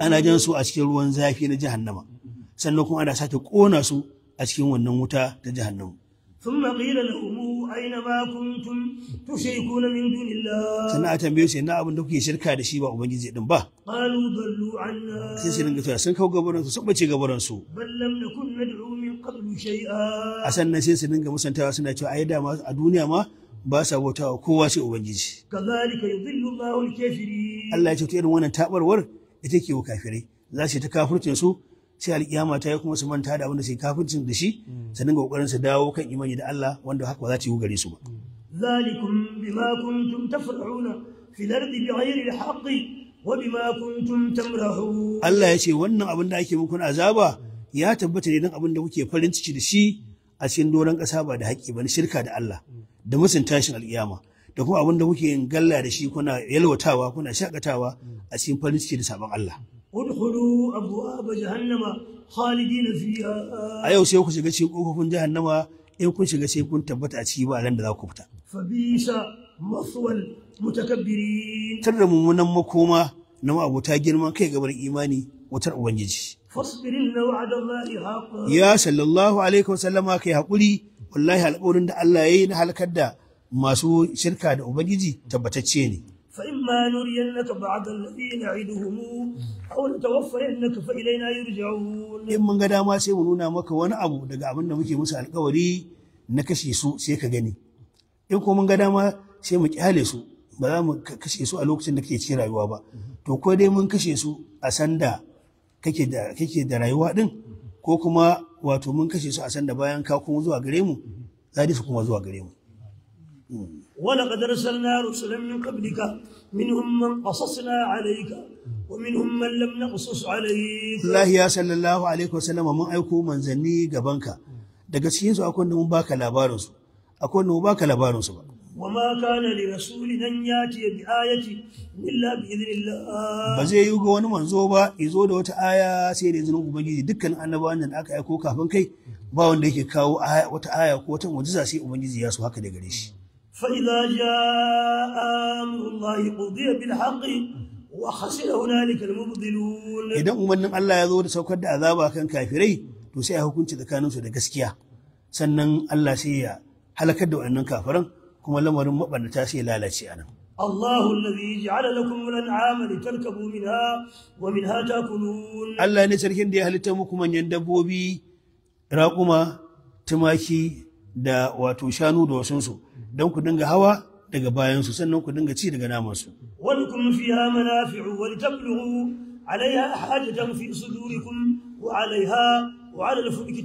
ana jan su a cikin ruwan zafi na jahannama sannan kuma ana sake ƙona su a cikin wannan wuta ta jahannamu aina ma kuntum tushrikuna min dunillah sana tambaye shi na abin da kuke shirka da shi ba ubangiji din ba qalu dallu anna sai sun gafa sun kawo gaban su sabace gaban su ballam nakun nad'u min qablu shay'a asan ne sai sun dinga musanta suna cewa ai da ma a duniya ma ba sa bauta kowa sai ubangiji kazalika yudhillu Allahu al-kafirin Allah ya ce irin wannan tabarwar ita ke wa kafirai za su ta kafurce su sai alkiyama ta yi kuma su manta da abin da sai kafincin da shi hmm. sannan dinga kokarin su dawo kan imani da Allah wanda haka ba za ta yi gare su ba hmm. zalikum bima kuntum tafra'una fil ardi bighayri al wa bima kuntum tamrahun Allah ya ce wannan abin da ake muku na azaba ya tabbata ne dan abin da kuke farin ciki da shi a cikin doron ƙasa ba da haƙƙi ba ni shirka da Allah hmm. da musun tashin alkiyama da kuma abin da kuke galla da shi kuna yalwatawa kuna shakatawa a cikin farin ciki da sabon Allah udkhulu abwaaba jahannama khalidina fiha a yau sai ku shiga cikin kofofin jahannama in kun shiga sai kun tabbata a ciki ba ran da za ku fita fa bisa maswal mutakabbirin tar da mummunan makoma na ma'abota girman kai gabar imani wutar ubangiji fasbirin na wa'adallahi haqa ya sallallahu alaihi wasallama kai hakuri wallahi alƙawarin da Allah ya yi na halakar da masu shirka da ubangiji tabbatacce ne فإما نرينك بعض الذين نعدهم أو نتوفينك فإلينا يرجعون إن من قد ما سي منونا مك وانا أبو دقا من نمكي مسا القوري نكشي سوء سيكا جني إن من قد ما سي مكيالي سوء ba za mu kashe su a lokacin da kake ci rayuwa ba to ko dai mun kashe su a sanda kake da rayuwa din ko kuma wato mun kashe su a sanda bayan ka kuma zuwa gare mu su kuma zuwa gare ولقد أرسلنا رسلا من قبلك منهم من قصصنا عليك ومنهم من لم نقصص عليك الله يا صلى الله عليه وسلم من أيكو من زني قبنك daga cikin su akwai mun baka labarin su akwai mun baka labarin su ba wama kana li rasuli nan yati bi ayati illa bi idnillah ba zai yi ga wani manzo ba izo da wata aya sai da izinin ubangiji dukkan annabawan da aka aiko kafin kai ba wanda yake kawo wata aya ko wata mu'jiza sai ubangiji ya so haka daga gare shi فإذا جاء أمر الله قضي بالحق وخسر هنالك المبطلون idan umarnin Allah ya zo da saukar da azaba kan kafirai to a hukunci tsakanin su da gaskiya sannan Allah sai ya halakar da wannan kafiran kuma lamarin mabannata sai lalace anan الله الذي جعل لكم الانعام لتركبوا منها ومنها تاكلون الله ne sarkin da ya halitta muku manyan dabbobi raƙuma tumaki da wato shanu da wasunsu don ku dinga hawa daga bayansu sannan ku dinga ci daga namansu. Walikum fiha manafi'u wa litablugu alaiha hajatan fi sudurikum wa alaiha wa ala al-fulki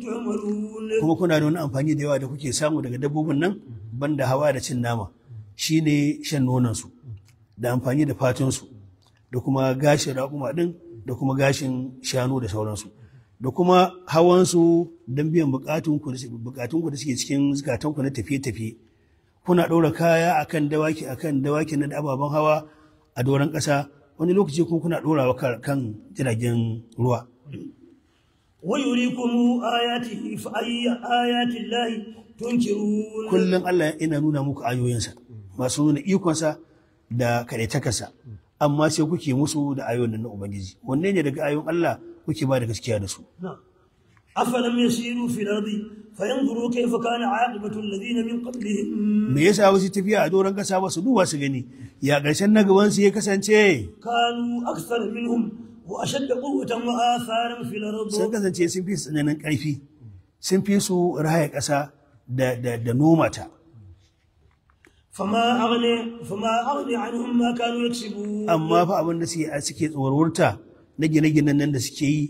Kuma kuna da wani amfani da yawa da kuke samu daga dabbobin nan banda hawa da cin nama shine shan nonon su da amfani da fatun su da kuma gashin raƙuma din da kuma gashin shanu da sauransu. da kuma hawansu don biyan ku da suke cikin zukatanku na tafiye-tafiye kuna ɗora kaya a akan dawaki kan dawaki na ababen hawa a doron ƙasa wani lokaci kuma kuna ɗorawa kan jiragen ruwa ويريكم آياته فأي ayati الله تنكرون kullum allah ina nuna muku ayoyinsa masu nuna ikonsa da kaɗaitakarsa amma sai kuke musu da ayoyin na Ubangiji wanne ne daga ayoyin Allah kuke ba da gaskiya da su afalam yasiru fil ardi fayanzuru kayfa kana aqibatu alladhina min qablihim me yasa wasu tafiya a doran kasa ba su duba su gani ya karshen na gaban su ya kasance kanu akthar minhum wa ashad quwwatan wa atharan fil ardi sun kasance sun fi tsananin karfi sun fi su raya kasa da da da noma ta fama aghni fama aghni anhum ma kanu yaksubun amma fa abin da suke tsawarwarta na gine-ginen nan da suke yi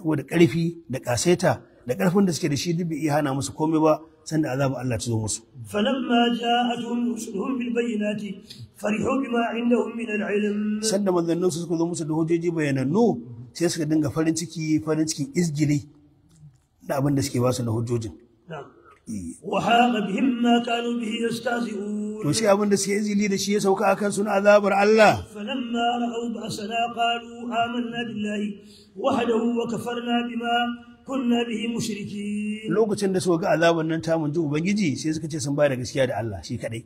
saboda ƙarfi da ƙasaita da ƙarfin da suke da shi duk iya hana musu komai ba sanda azabu Allah ta zo musu falamma ja'atuhum rusuluhum bil bayyinati farihu bima indahum min al ilm sanda manzannin su suka zo musu da hujjoji bayanannu sai suka dinga farin ciki farin cikin izgili da abin da suke ba su na hujjojin na'am وحاق بهم ما كانوا به يستهزئون to shi abin da suke izili da shi ya sauka a kansu na azabar Allah falamma ra'aw ba'sana qalu amanna billahi wahdahu wa kafarna bima kunna bihi mushriki lokacin da suka ga azabar nan ta mun ji ubangiji sai suka ce sun bayar da gaskiya da Allah shi kadai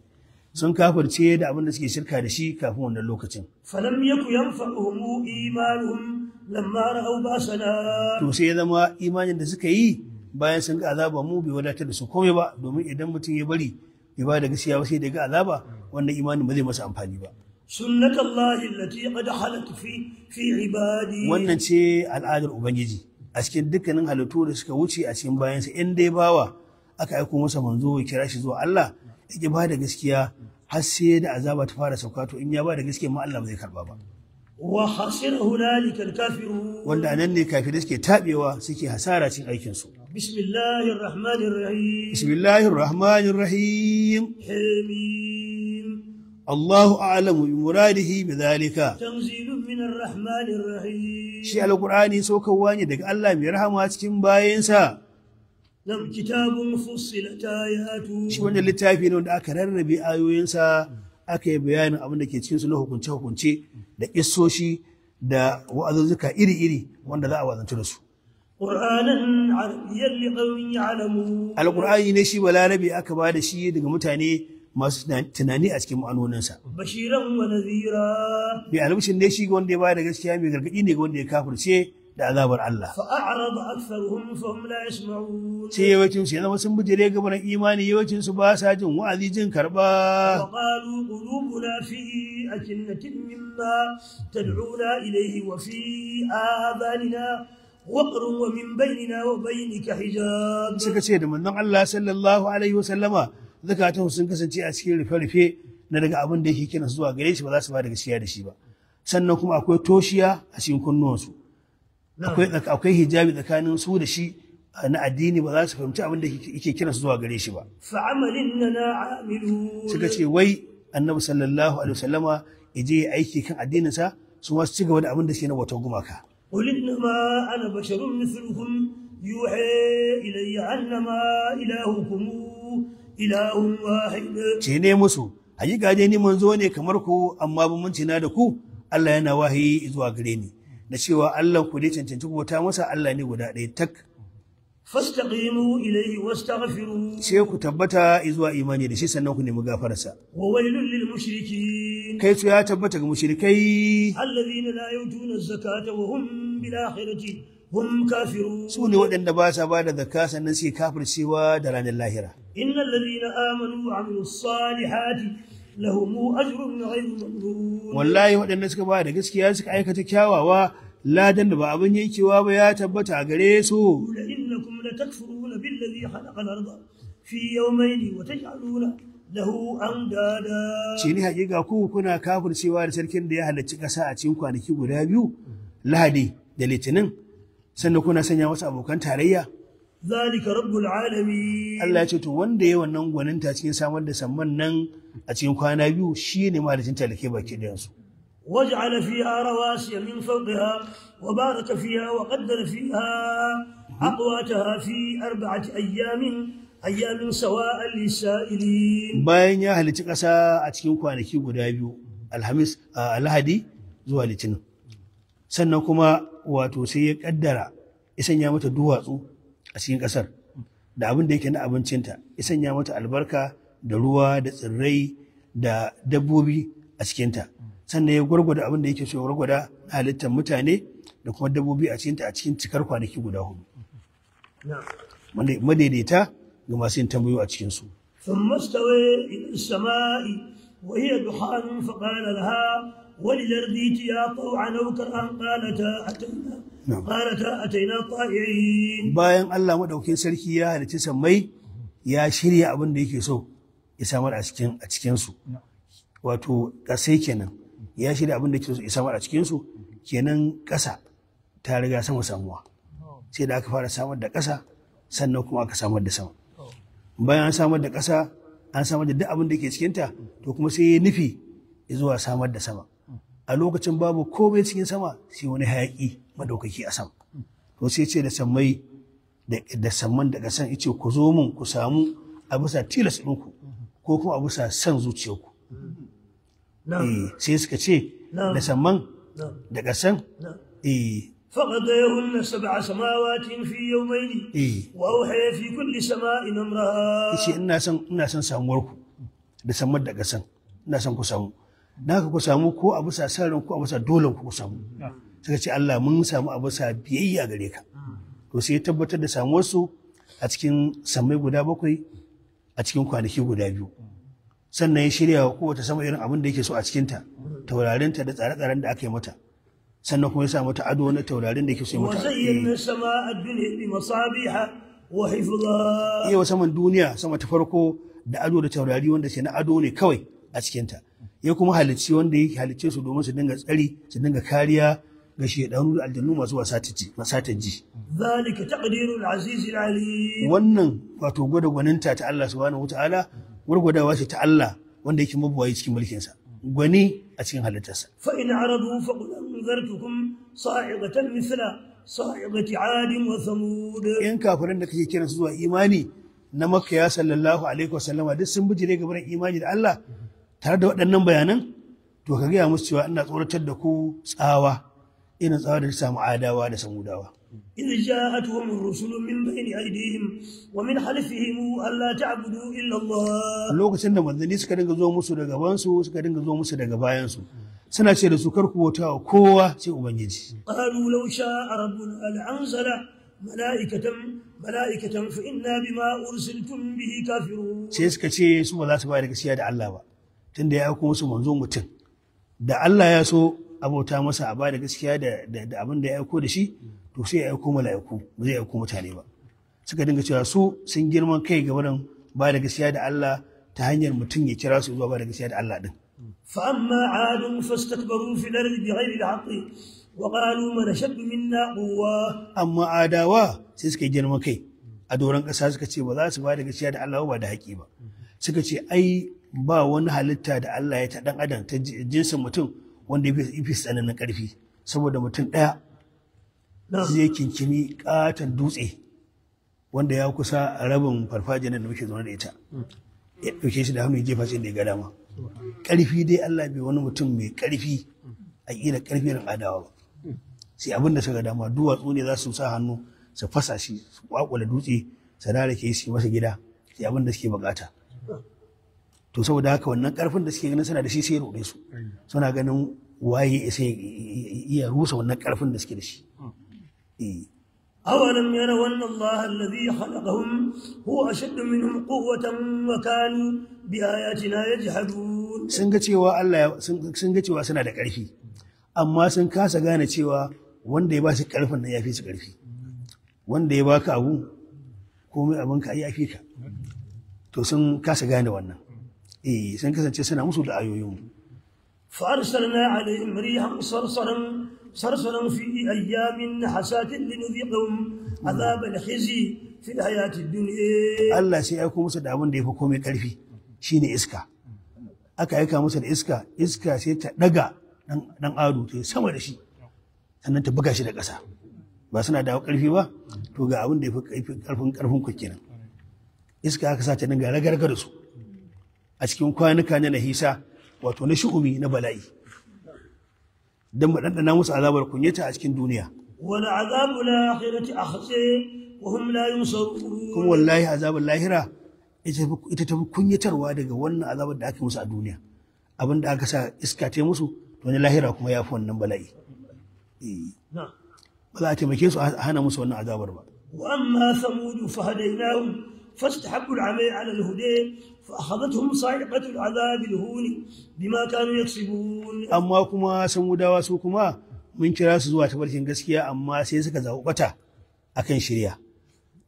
sun kafirce da abin da suke shirka da shi kafin wannan lokacin falam yaku yanfa'uhum imanuhum lamma ra'aw ba'sana to sai ya zama imanin da suka yi bayan sun ga azaba mu bai wadatar da su komai ba domin idan mutum ya bari ya ba da gaskiya ba sai da ga azaba wannan imanin ba zai masa amfani ba sunnatullahi allati qad halat fi fi ibadi wannan ce al'adar ubangiji a cikin dukkanin halittu da suka wuce a cikin bayan sa in dai bawa aka aiko masa manzo ya kira shi zuwa Allah ya ba da gaskiya har sai da azaba ta fara sauka to in ya ba da gaskiya ma Allah ba zai karba ba wa hasira hunalika al-kafirun wanda anan ne kafirai suke tabewa suke hasara cin aikin su بسم الله الرحمن الرحيم بسم الله الرحمن الرحيم حميم الله أعلم بمراده بذلك تنزيل من الرحمن الرحيم شيء القرآن سوك واني دك الله مرحمة باينسا نعم كتاب فصلت آياته شيء وانا للتافين وانا أكرر بآيوينسا aka yi bayanin abin da ke cikinsu na hukunce-hukunce da isoshi da wa'azuzzuka iri-iri wanda za a wazanci da su. Qur'anan arabiyyan liqawmin ya'lamun Al-Qur'ani ne shi balarabe aka ba da shi daga mutane masu tunani a cikin ma'anoninsa. Bashiran wa nazira. Bai albishin ne shi ga wanda ya bada gaskiya mai gargaɗi ne ga wanda ya kafirce da azabar Allah. Fa'arada aktharuhum fa hum la yasma'un. Sai yawancin su ya zama sun bijire ga barin imani yawancin su ba sa jin wa'azi jin karba. Wa qalu qulubuna fi akinnatin mimma tad'una ilayhi wa fi adhanina waqrun wa min bainina wa bainika hijab suka ce da manzon Allah sallallahu alaihi wasallama zakatun sun kasance a cikin rufe-rufe na daga abin da yake kina zuwa gare shi ba za su ba da gaskiya da shi ba sannan kuma akwai toshiya a cikin kunnuwansu akwai akwai hijabi tsakanin su da shi na addini ba za su fahimci abin da yake kina zuwa gare shi ba fa amalin na amilun suka ce wai annabi sallallahu alaihi wasallama ya je aiki kan addininsa su ma su ci gaba da abin da suke na wata gumaka قل إنما أنا بشر مثلكم يوحي إلي أنما إلهكم إله واحد شيني مسو hakika dai ni manzo ne kamar ku amma bambanci na da ku Allah yana wahayi zuwa gare ni da cewa Allah ku dai cancanci ku masa Allah ne guda ɗaya tak fastaqimu ilayhi wastaghfiruhu sai ku tabbata zuwa imani da shi sannan ku nemi gafararsa wa wailul lil mushrikin kai su ya tabbata ga mushrikai alladhina la yutuna zakata wa hum bil akhirati hum kafirun su ne waɗanda ba sa ba da zakka sannan suke cewa da ranar lahira innal ladhina amanu wa amilus salihati lahumu ajrun ghayru wallahi waɗanda suka ba da gaskiya suka aikata kyawawa ladan da ba abin yankewa ba ya tabbata a gare su لتكفرون بالذي خلق الأرض في يومين وتجعلون lahu an dada. Ce hakika ku kuna cewa da sarkin da ya halarci kasa a cikin kwanaki guda biyu lahadi da litinin sannan kuna sanya wasu abokan tarayya. Zalika rabbul alami. Allah ya ce to wanda yawan wannan gwaninta cikin samar da samman nan a cikin kwana biyu shi ne mahalicin talake baki ɗayansu. وجعل فيها رواسي wa فوقها وبارك wa وقدر فيها أقواتها في أربعة أيام أيام سواء للسائلين باين يا أهل تقسى أتكين كوانكي قدابيو الحميس الهدي زوالتنا sannan kuma wato sai ya ƙaddara ya sanya mata duwatsu a cikin kasar da abin da yake na abincinta ya sanya mata albarka da ruwa da tsirrai da dabbobi a cikinta sannan ya gwargwada abin da yake so ya gwargwada halittar mutane da kuma dabbobi a cikinta a cikin cikar kwanaki guda hudu madaidaita ga masu yin tambayo a cikinsu. Sun mustawe stawa samai wa hiya duhan fa ya laha a naukar an ƙalata a taina. Ƙalata a taina ƙwayayi. bayan Allah maɗaukin sarki ya halitta sammai ya shirya abin da yake so ya samar a cikin a wato ƙasai kenan ya shirya abin da yake so ya samar a cikinsu. kenan ƙasa ta riga sama samuwa sai da aka fara samar da ƙasa sannan kuma aka samar da sama bayan an samar da ƙasa an samar da duk abin da ke cikinta to kuma sai ya nufi zuwa samar da sama a lokacin babu komai cikin sama sai wani hayaƙi madaukaki a sama to sai ce da sammai da samman da ƙasan ice ku zo mun ku samu a bisa tilas ɗinku ko kuma a bisa san zuciyarku eh, sai suka ce da samman da ƙasan فقضيهن سبع سماوات في يومين وأوحي في كل سماء أمرها إيشي إنا سن إنا سن ساموركو da samar da gasan ina san ku samu na ku samu ko a bisa sarin ko a bisa dolan ku samu suka ce Allah mun samu a bisa biyayya gare ka to sai tabbatar da samuwar su a cikin samai guda bakwai a cikin kwanaki guda biyu sannan ya shirya kowace sama irin abin da yake so a cikin ta taurarin ta da tsare-tsaren da aka yi mata sannan kuma ya sa mata ado na taurarin da ke so mata yawa saman duniya sama ta farko da ado da taurari wanda ke na ado ne kawai a cikinta ya kuma halicci wanda ya halicce su domin su dinga tsari su dinga kariya ga shedanu da aljannu masu wasatan ji zalika taqdirul aziz alim wannan wato gwada gwaninta ta Allah subhanahu wataala gwadawa ce ta Allah wanda yake mabuwayi cikin mulkinsa gwani a cikin halittarsa fa in aradu fa qul أنذرتكم صاعقة مثل صاعقة عاد وثمود إن كافرين لك na makka ya sallallahu alaihi wasallama duk sun bijire gaban imani da Allah tare da waɗannan bayanan to ka gaya musu cewa ina tsoratar da ku tsawa ina tsawa da samu adawa da samudawa إذ جاءتهم الرسل من بين أيديهم ومن خلفهم da manzanni suka dinga zo musu daga gabansu suka dinga zo musu daga bayansu. suna ce da su karku ku wa kowa sai ubangiji qalu law sha'a rabbuna al'anzala mala'ikatan mala'ikatan fa inna bima ursiltum bihi kafirun sai suka ce su ba za su ba da gaskiya da Allah ba tunda ya aiko musu manzo mutum da Allah ya so abota masa a ba da gaskiya da abin da ya aiko da shi to sai ya aiko mala'iku ba zai aiko mutane ba suka dinga cewa su sun girman kai ga wurin ba da gaskiya da Allah ta hanyar mutum ya kira su zuwa ba da gaskiya da Allah din فأما عاد فاستكبروا في الأرض بغير الحق وقالوا من أشد منا قوة أما عداوا سيسكي جنما كي أدوران قصا سكتي وذا سبا دغ سيا دا الله با دا حقي با سكتي أي ba wani halitta da Allah ya ta dan adam ta jinsin mutum wanda ya fi tsananin karfi saboda mutum ɗaya zai kinkimi katon dutse wanda ya kusa rabin farfajiyar da muke zaune da ita ya ɗauke shi da hannu ya jefa shi da ya ga dama ƙarfi dai Allah bai wani mutum mai ƙarfi a ƙira ƙarfin adawa ba sai abin da suka dama duwatsu ne za su sa hannu su fasa shi su kwakwala dutse su rara ke shi masa gida sai abin da suke bukata to saboda haka wannan ƙarfin da suke ganin suna da shi sai roɗe su suna ganin waye sai iya rusa wannan ƙarfin da suke da shi eh. أولم يروا أن الله الذي خلقهم هو أشد منهم قوة وكانوا bi ayatina yajhadun sun ga cewa Allah sun ga cewa suna da ƙarfi amma sun kasa gane cewa wanda ya ba su ƙarfin nan ya fi su ƙarfi wanda ya baka abu komai abin ka yi fi ka to sun kasa gane wannan eh sun kasance suna musu da ayoyin mu fa arsalna alaihim rihan sarsaran sarsaran fi ayyamin hasatin linudhiqhum azab alkhizi fi hayati dunya Allah sai ya aiko su da abin da ya fi komai karfi Shi ne iska aka aika masa da iska iska sai ta daga dan adu ta sama da shi sannan ta buga shi da ƙasa ba suna dawo ƙarfi ba to ga abin da ya fi ƙarfin ƙarfin ku kenan iska aka sa ta dinga ragargar da su a cikin kwanuka na nahisa wato na shu'umi na bala'i dan mu ɗanɗana musu azabar kunyata a cikin duniya wani azabul akhirati akhsi wa hum la yusarun kuma wallahi azabul lahira ita ta kunyatarwa daga wannan azabar da aka musu a duniya abin da aka sa iska ta musu to wani lahira kuma ya fi wannan bala'i eh. ba za a taimake su a hana musu wannan azabar ba وأما ثمود فهديناهم فاستحبوا العمي على الهدي فأخذتهم صاعقة العذاب الهون بما كانوا يكسبون أما كما سمودا وسوكما من shirya.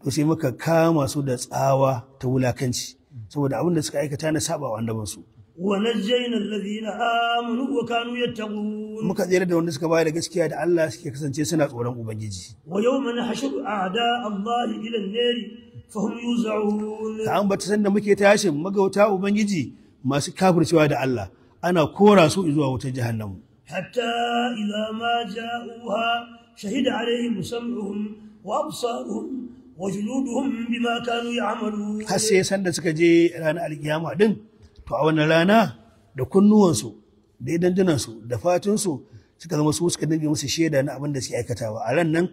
to sai muka kama su da tsawa ta wulakanci saboda abin da suka aikata na saba wa annaban su wa amanu wa kanu yattaqun muka tsere da wanda suka bayar da gaskiya da Allah suke kasance suna tsoron ubangiji wa yawma nahshuru a'da Allah ila an-nari fahum yuz'un ta ambata sanda muke tashin magauta ubangiji masu kafircewa da Allah ana kora su zuwa wutar jahannamu hatta idza ma ja'uha shahida alaihim sam'uhum wa absaruhum wa bima kanu ya'malu har sai sanda suka je ranar alkiyama din to a wannan rana da kunnuwansu da su da su suka zama su suka dinga musu sheda na abin da suke aikatawa a ran nan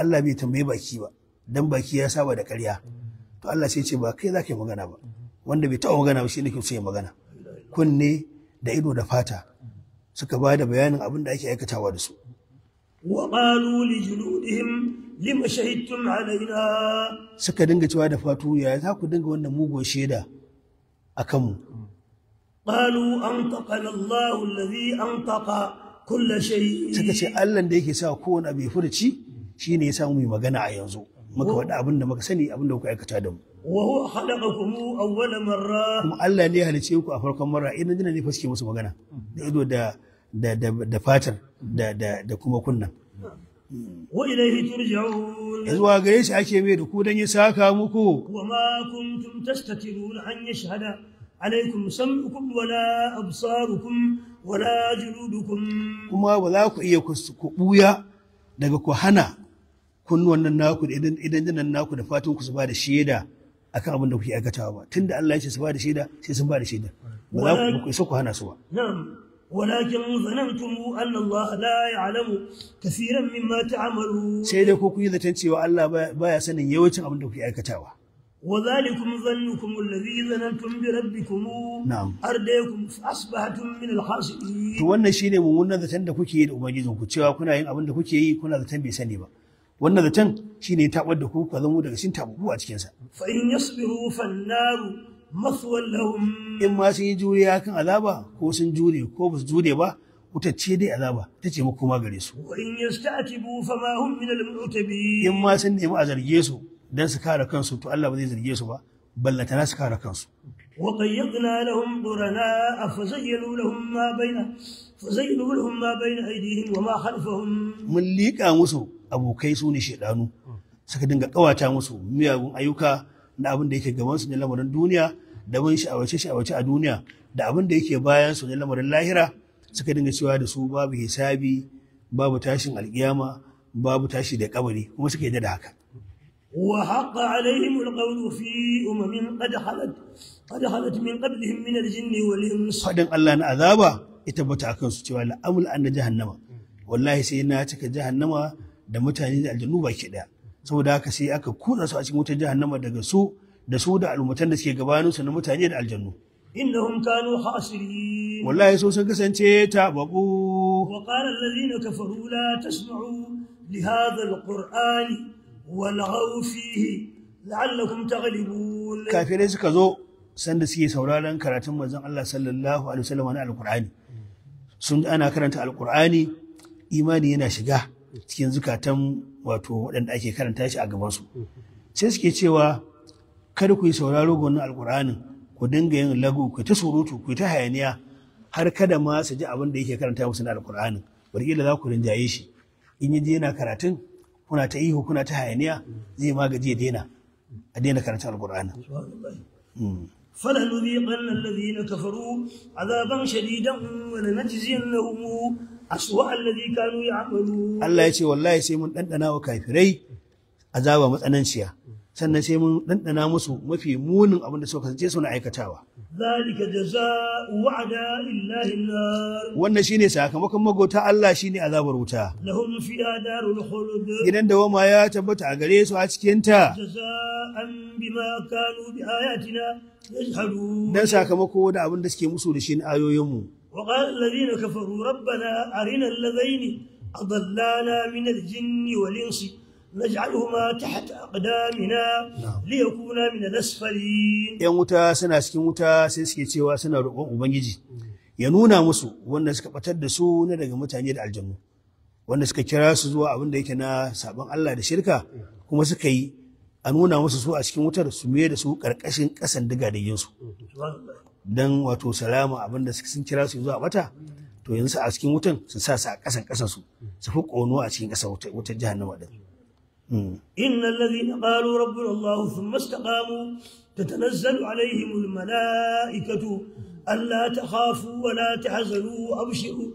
Allah bai tambayi baki ba dan baki ya saba da ƙarya to Allah sai ce ba kai za magana ba wanda bai taɓa magana ba shi ne ke so ya magana kunne da ido da fata suka ba da bayanin abin da ake aikatawa da su وقالوا لجلودهم لما شهدتم علينا suka dinga cewa da fatu ya za ku dinga wannan mugun shaida akan mu قالوا أنطقنا الله an ƙaƙa كل shayi. suka ce Allah da yake sa kowane abu ya furci shine ya sa mu yi magana a yanzu Maka faɗi abin da muka sani abin da kuka aikata da mu wa huwa a wani marra kuma Allah ne ya halice ku a farkon marra idan jina ne faske musu magana da ido da fatar da da da kuma kunnan wa ilayhi turja'un zuwa gare shi ake mai da ku dan ya saka muku wa ma kuntum tastatirun an yashhada alaikum sam'ukum wala absarukum wala juludukum kuma ba za ku iya ku buya daga ku hana kunnuwan nan naku idan idan nan naku da fatan ku su ba da shaida akan abin da kuke aikatawa ba tunda Allah ya ce su ba da shaida sai sun ba da shaida ba za ku isa ku hana su ba na'am ولكن ظننتم ان الله لا يعلم كثيرا مما تعملون sai dai ko ku yi zaton cewa Allah baya sanin yawancin abin da ku aikatawa وذلكم ظنكم الذي ظننتم بربكم نعم ارديكم اصبحتم من الخاسرين to wannan shine mummunan zaton da kuke yi da ubangijin ku cewa kuna yin abin da kuke yi kuna zaton bai sani ba wannan zaton shi ne tabar da ku ku zama daga cikin tabuwa cikin sa fa in yasbiru fannaru in ma sun yi juriya kan azaba ko sun jure ko ba su jure ba wuta ce dai azaba ta ce makoma gare su in ma sun nemi a zarge su don su kare kansu to Allah ba zai zarge su ba ballantana su kare kansu وقيضنا لهم قرناء فزينوا لهم ما بين فزينوا لهم ما بين ايديهم وما خلفهم من ليقا musu abokai su ne shedanu suka dinga ƙawata musu miyagun ayyuka da abinda da yake su na lamarin duniya da mun sha'awace sha'awace a duniya da abinda yake bayan su na lamarin lahira suka dinga cewa da su babu hisabi babu tashin alkiyama babu tashi da kabari kuma suka yadda da haka wa haqa alaihim alqawlu fi umamin qad halat qad halat min qablihim min aljinn wal ins fadin Allah na azaba ita bata akan su cewa la'amul anna jahannama wallahi sai na cika nama da mutane da aljannu baki ɗaya. saboda haka sai aka kutsa su a cikin wutar jahannama daga su da su da al'ummatan da suke gabanin su na mutane da aljannu innahum kanu khasirin wallahi so sun kasance ta babu wa qala alladhina kafaru la tasma'u li hadha alqur'ani walghaw fihi la'allakum taghlibun kafire suka zo sanda suke sauraron karatun manzon Allah sallallahu alaihi wasallam na alqur'ani sun ana karanta alqur'ani imani yana shiga cikin zukatan wato waɗanda ake karanta shi a su sai suke cewa kada ku yi sauraro ga wannan alƙur'anin ku dinga yin lagu ku ta surutu ku ta hayaniya har kada ma su ji abin da yake karanta musu na alƙur'anin wataƙila za ku rinjaye shi in yi yana karatun kuna ta ihu kuna ta hayaniya zai ma gaji ya daina a daina karatun alƙur'anin فلنذيقن الذين كفروا عذابا شديدا ولنجزينهم Allah ya ce wallahi sai mun dandana wa kafirai azaba matsananciya sannan sai mun dandana musu mafi munin abinda da suka kasance suna aikatawa zalika jazaa'u wa'da wannan shine sakamakon magota Allah shine azabar wuta lahum fiha darul gidan da wama ya tabbata a gare su a cikin ta jazaa'an bima dan sakamako da abin da suke musu da shi ne ayoyinmu. وقال الذين كفروا ربنا أرنا اللذين أضلانا من الجن والإنس نجعلهما تحت أقدامنا ليكونا من الأسفلين ‘yan wuta suna cikin wuta sai suke cewa suna roƙon Ubangiji ya nuna musu wanda suka batar da su na daga mutane da aljamu wanda suka kira su zuwa abin da yake na sabon Allah da shirka kuma suka yi a nuna musu su a cikin wutar su me da su ƙarƙashin ƙasan diga da dan wato salama abinda sun kira su zuwa bata to yanzu a cikin wutan su sa su a kasan ƙasan su su fi kono a cikin ƙasa wutar jahannama din hmm. innal ladhina qalu rabbuna allah thumma istaqamu tatanazzalu alaihim al malaikatu alla takhafu wa la tahzanu abshiru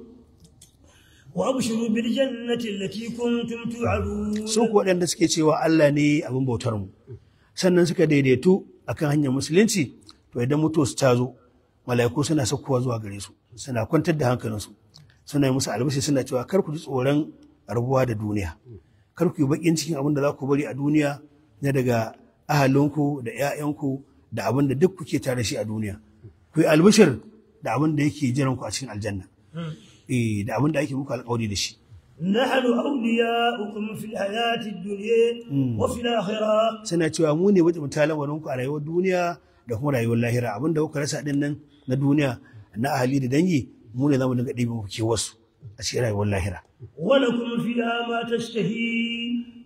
wa abshiru bil jannati allati kuntum tu'adun su waɗanda suke cewa Allah ne abin bautar mu sannan suka daidaitu akan hanyar musulunci to idan mutuwa su ta zo mala'iku suna saukowa zuwa gare su suna kwantar da hankalinsu suna yi musu albashi suna cewa kar ku ji tsoron rabuwa da duniya kar ku yi bakin cikin abin da za ku bari a duniya na daga ahalinku da 'ya'yanku da abin da duk kuke tare shi a duniya ku yi albashir da abin da yake jiran ku a cikin aljanna eh da abin da ake muku alƙawari da shi نحن أولياؤكم في dunya hmm. wa fi الآخرة سنة cewa mu ne mutum talabarin ku a rayuwar duniya da kuma rayuwar lahira abinda kuka rasa din nan na duniya na ahali da dangi mu ne zamu dinga ɗibi muke wasu a cikin rayuwar lahira wala kuma fiha ma tashtahi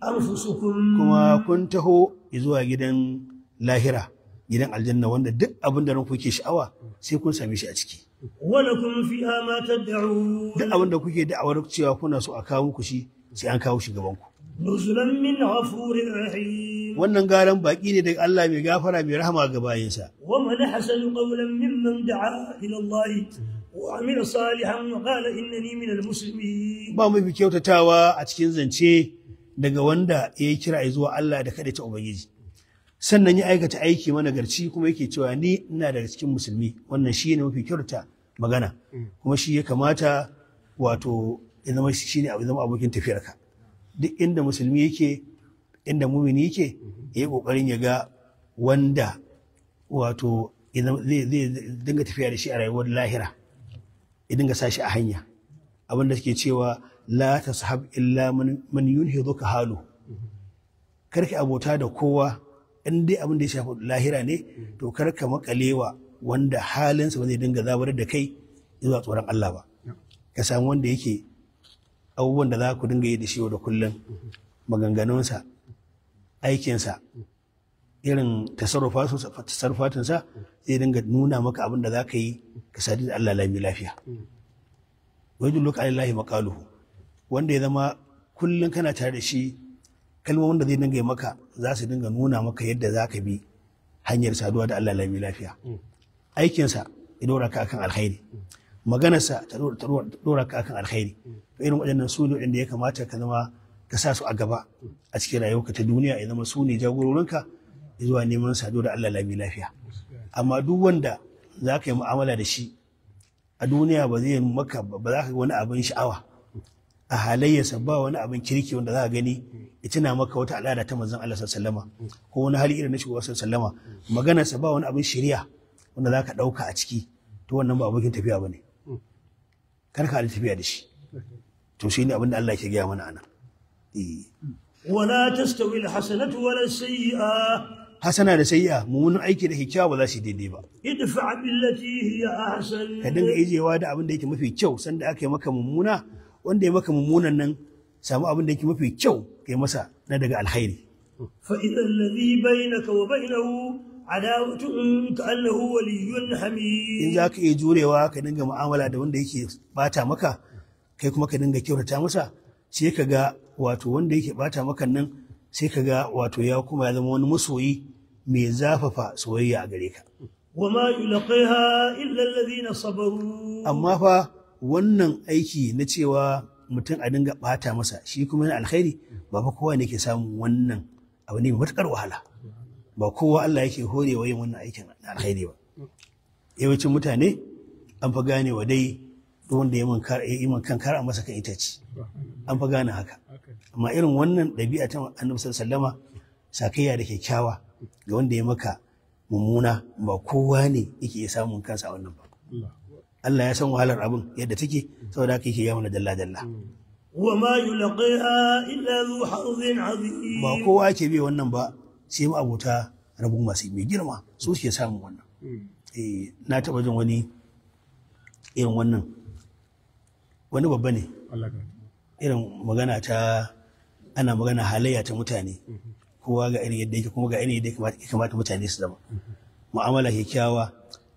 anfusukum kuma kun taho zuwa gidan lahira gidan aljanna wanda duk abin da ranku ke sha'awa sai kun same shi a ciki wala kuma fiha ma tad'u duk abin da kuke da'awar cewa kuna so a kawo ku shi sai an kawo shi gaban ku nuzulan min ghafurir rahim wannan garan baki ne daga Allah mai gafara mai rahama ga bayinsa wa man ahsanu qawlan mimman da'a ila Allah wa amila salihan wa qala innani minal muslimin ba mu fi kyautatawa a cikin zance daga wanda ya kira zuwa Allah da kada ta ubangiji sannan ya aikata aiki garci kuma yake cewa ni ina daga cikin musulmi wannan shi ne mafi kyauta magana kuma shi ya kamata wato ya zama shi ne zama abokin tafiyarka duk inda musulmi yake inda mumini yake mhm. ya yi ƙoƙarin ya ga wanda wato zai dinga tafiya da shi a rayuwar lahira ya dinga sa shi a hanya abinda suke cewa la ta sahab illa man yunhi mhm. ka halu karki abota da kowa in dai abin da ya shafi lahira ne mhm. to karka makalewa wanda halinsa ba zai dinga zabar da kai zuwa tsoron Allah ba ka samu wanda yake abubuwan da za ku dinga yi da shi yau da kullum maganganunsa aikinsa irin tasarrufatinsa zai dinga nuna maka abin da za ka yi ka sadi da Allah lami lafiya wajen lokacin lahi makaluhu wanda ya zama kullum kana tare da shi kalmomin da zai dinga yi maka za su dinga nuna maka yadda za ka bi hanyar saduwa da Allah lami lafiya aikinsa ya dora ka akan alkhairi maganarsa ta dora ka akan alkhairi irin waɗannan su ne inda ya kamata ka zama ka sa su a gaba a cikin rayuwarka ta duniya ya zama su ne jagororinka zuwa neman sado da Allah lami lafiya amma duk wanda za ka yi mu'amala da shi a duniya ba zai maka ba za ka ga wani abin sha'awa a halayyarsa ba wani abin kirki wanda za ka gani ya tuna maka wata al'ada ta manzon Allah sallama ko wani hali irin na shugaba sallama maganarsa ba wani abin shari'a wanda za ka ɗauka a ciki to wannan ba abokin tafiya ba ne kar ka da tafiya da shi to shi ne abin da Allah ke gaya mana anan Eh. wala tastawi alhasanatu wala sayi'a hasana da sayyi'a mummunan aiki da hikya ba za su daidai ba idfa billati hiya ahsan ka dinga ijewa da abin da yake mafi kyau sanda aka yi maka mummuna wanda ya maka mummunan nan samu abin da yake mafi kyau kai masa na daga alkhairi fa idha alladhi bainaka wa bainahu adawatun annahu waliyyun hamid in za ka iya jurewa ka dinga mu'amala da wanda yake bata maka kai kuma ka dinga kyautata masa sai ka ga wato wanda yake bata maka nan sai ka ga wato ya kuma ya zama wani masoyi mai zafafa soyayya a gare ka wama yulqiha illa alladhina sabaru amma fa wannan aiki na cewa mutum a dinga bata masa shi kuma yana alkhairi ba fa kowa ne ke samun wannan abu ne mai matukar wahala ba kowa Allah yake horewa yin wannan aikin alkhairi ba yawancin mutane an fa gane wa dai wanda ya yi kan kara masa kan itace an fa gane haka amma irin wannan ɗabi'a ta annabi sallama sakayya da kyakkyawa ga wanda ya maka mummuna ba kowa ne yake samun kansa a wannan ba Allah ya san wahalar abin yadda take saboda haka yake yawo na dalla dalla wa ma yulqiha illa zu hazzin azim ba kowa ke bi wannan ba sai mu abota rabu masu mai girma su ke samun wannan eh na taba jin wani irin wannan wani babba ne irin magana ta ana magana halayya ta mutane kowa ga irin yadda yake kuma ga irin yadda ya kamata mutane su zama mu'amala kyakkyawa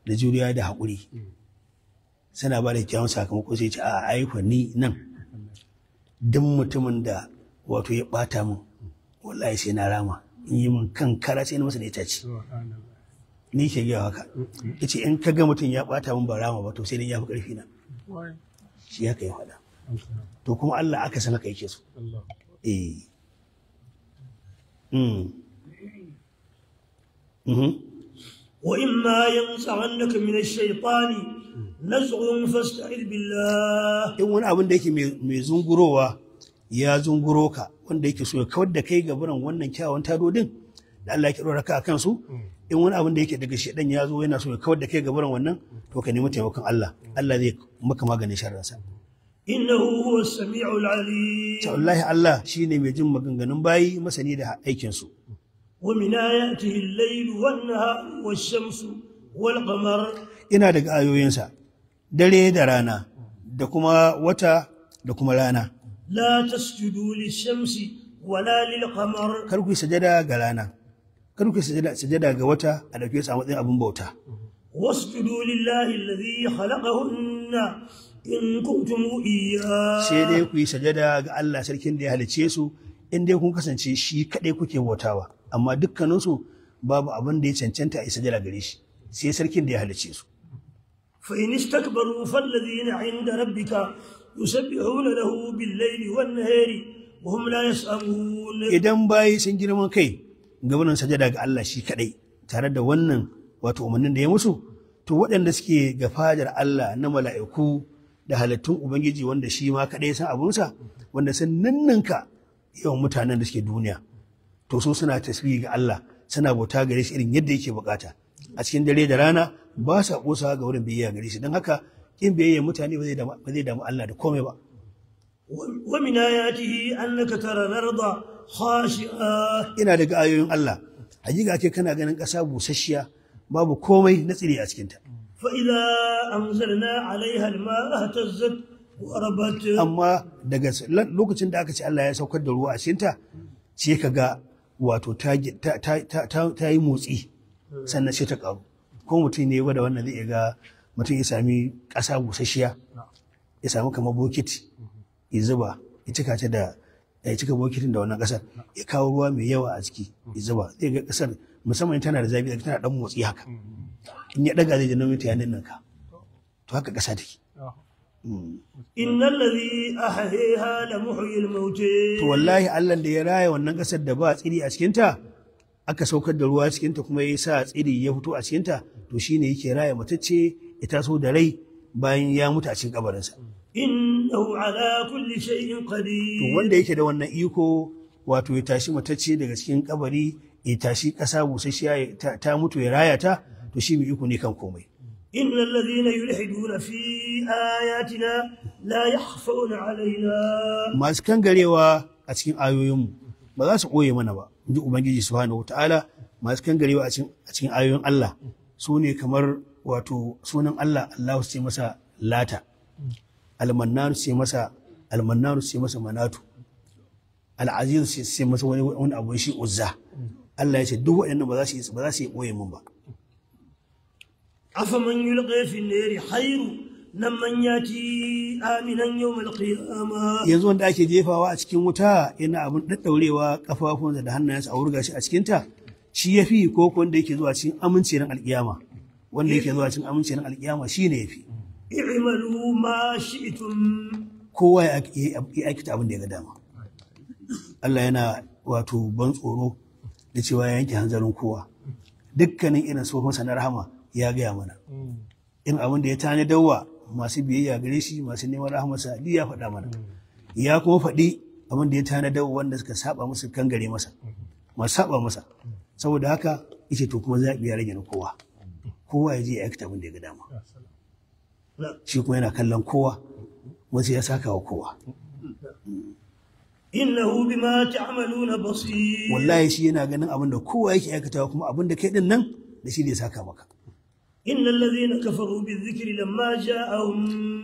da juriya da haƙuri suna ba da kyawun sakamako sai ce a aiko ni nan duk mutumin da wato ya ɓata min wallahi sai na rama in yi min kan kara sai na masa da ci. ni ke gaya haka ita in ka ga mutum ya ɓata min ba rama ba to sai dai ya fi ƙarfi na shi haka ya faɗa to kuma Allah aka san haka yake so A. mm mhm wa imma yansaghannaka min ash-shaytani nazghun fasta'id billah in wani abin da yake mai zungurowa ya zunguro ka wanda yake so ya kawar da kai ga buran wannan kyawun din da Allah ya kira akan su in wani abin da yake daga shedan ya zo yana so ya kawar da kai ga buran wannan to ka nemi taimakon Allah Allah zai maka maganin sa innahu huwa samiul alim ta wallahi Allah shine mai jin maganganun bayi masani da aikinsu. su wa min ayatihi al shamsu ina daga ayoyinsa dare da rana da kuma wata da kuma rana la tasjudu lish-shamsi wala lil kar ku sajada ga rana kar ku sajada sajada ga wata a dauke su a matsayin abun bauta wasjudu lillahi alladhi khalaqahunna in sai dai ku yi sajada ga Allah sarkin da ya halice su in dai kun kasance shi kadai kuke bautawa amma dukkaninsu babu abin da ya cancanta a yi sajada gare shi sai sarkin da ya halice su fa in istakbaru falladhina 'inda rabbika yusabbihuna lahu bil layli wan-nahari wa hum la yas'amun idan bai sun girman kai gwamnan sajada ga Allah shi kadai tare da wannan wato umarnin da ya musu to waɗanda suke ga fadar Allah na mala'iku da halittun ubangiji wanda shi ma kaɗai san abunsa wanda sun ninninka yawan mutanen da suke duniya to su suna tasiri ga Allah suna bauta gare shi irin yadda yake bukata a cikin dare da rana ba sa kosa ga wurin biyayya gare shi don haka kin biyayya mutane ba zai damu Allah da komai ba wa min ayatihi annaka tara al khashi'a ina daga ayoyin Allah hakika ake kana ganin ƙasa busasshiya babu komai na tsiri a cikinta فإذا أنزلنا عليها a tazzat warabat amma daga lokacin da aka ce Allah ya saukar da ruwa a cikinta ce ka ga wato ta yi motsi sannan sai ta karu ko mutum ne da wannan zai ga mutum ya sami ƙasa busasshiya ya sami kamar bokiti ya zuba ya cika ta da ya cika bokitin da wannan ƙasar ya kawo ruwa mai yawa a ciki ya zuba zai ga ƙasar musamman tana da zafi tana dan motsi haka in ya daga zai ji nauyin ta nan ka to haka kasa take mm. Inna ladhi ahyaha la muhyil mawti to wallahi Allah da ya raya wannan kasar da ba tsiri a cikin ta aka saukar da ruwa cikin ta kuma ya sa tsiri ya fito a cikin ta to shine yake raya matacce ya taso da rai bayan ya mutu a cikin kabarinsa innahu ala kulli shay'in qadir to wanda yake da wannan iko wato ya tashi matacce daga cikin kabari ya tashi kasa busasshiya ta mutu ya raya ta to shi mai iko ne kan komai إن الذين يلحدون في آياتنا لا يخفون علينا masu kan garewa a cikin ayoyinmu ba za su koye mana ba inji ubangiji subhanahu wataala ma su kan garewa a cikin ayoyin Allah su ne kamar wato sunan Allah Allah su ce masa lata almannanu su ce masa almannanu su ce masa manatu al'azizu su ce masa wani abu shi uzza Allah ya ce duk waɗannan ba za su yi ba za su yi koye min ba afaman yulqa fi nari khairu nan man yati aminan yawmal qiyama yanzu wanda ake jefawa a cikin wuta yana abun daddaurewa kafafun da hannayensa a wurga shi a cikin ta shi yafi ko wanda yake zuwa cikin aminci ran wanda yake zuwa cikin aminci ran shine yafi i'malu ma shi'tum kowa ya aikata abin da ya ga dama Allah yana wato ban tsoro da cewa ya yanke hanzarin kowa dukkanin irin tsohon na rahama ya gaya mana mm. in abin da ya tani dawa masu biyayya gare shi masu neman rahama sa'adi ya faɗa mana mm. ya kuma faɗi abin da ya tani dawa wanda suka saba musu kan gare masa mm. masu saba masa saboda haka yace to kuma zaɓi ya rage na kowa kowa ya je ya aikata abin da ya ga dama shi kuma yana kallon kowa wasu ya saka wa kowa innahu bima ta'maluna basir wallahi shi yana ganin abin da kowa yake aikatawa kuma abin da kai din nan da shi ne saka maka innal ladhina kafaru bizikri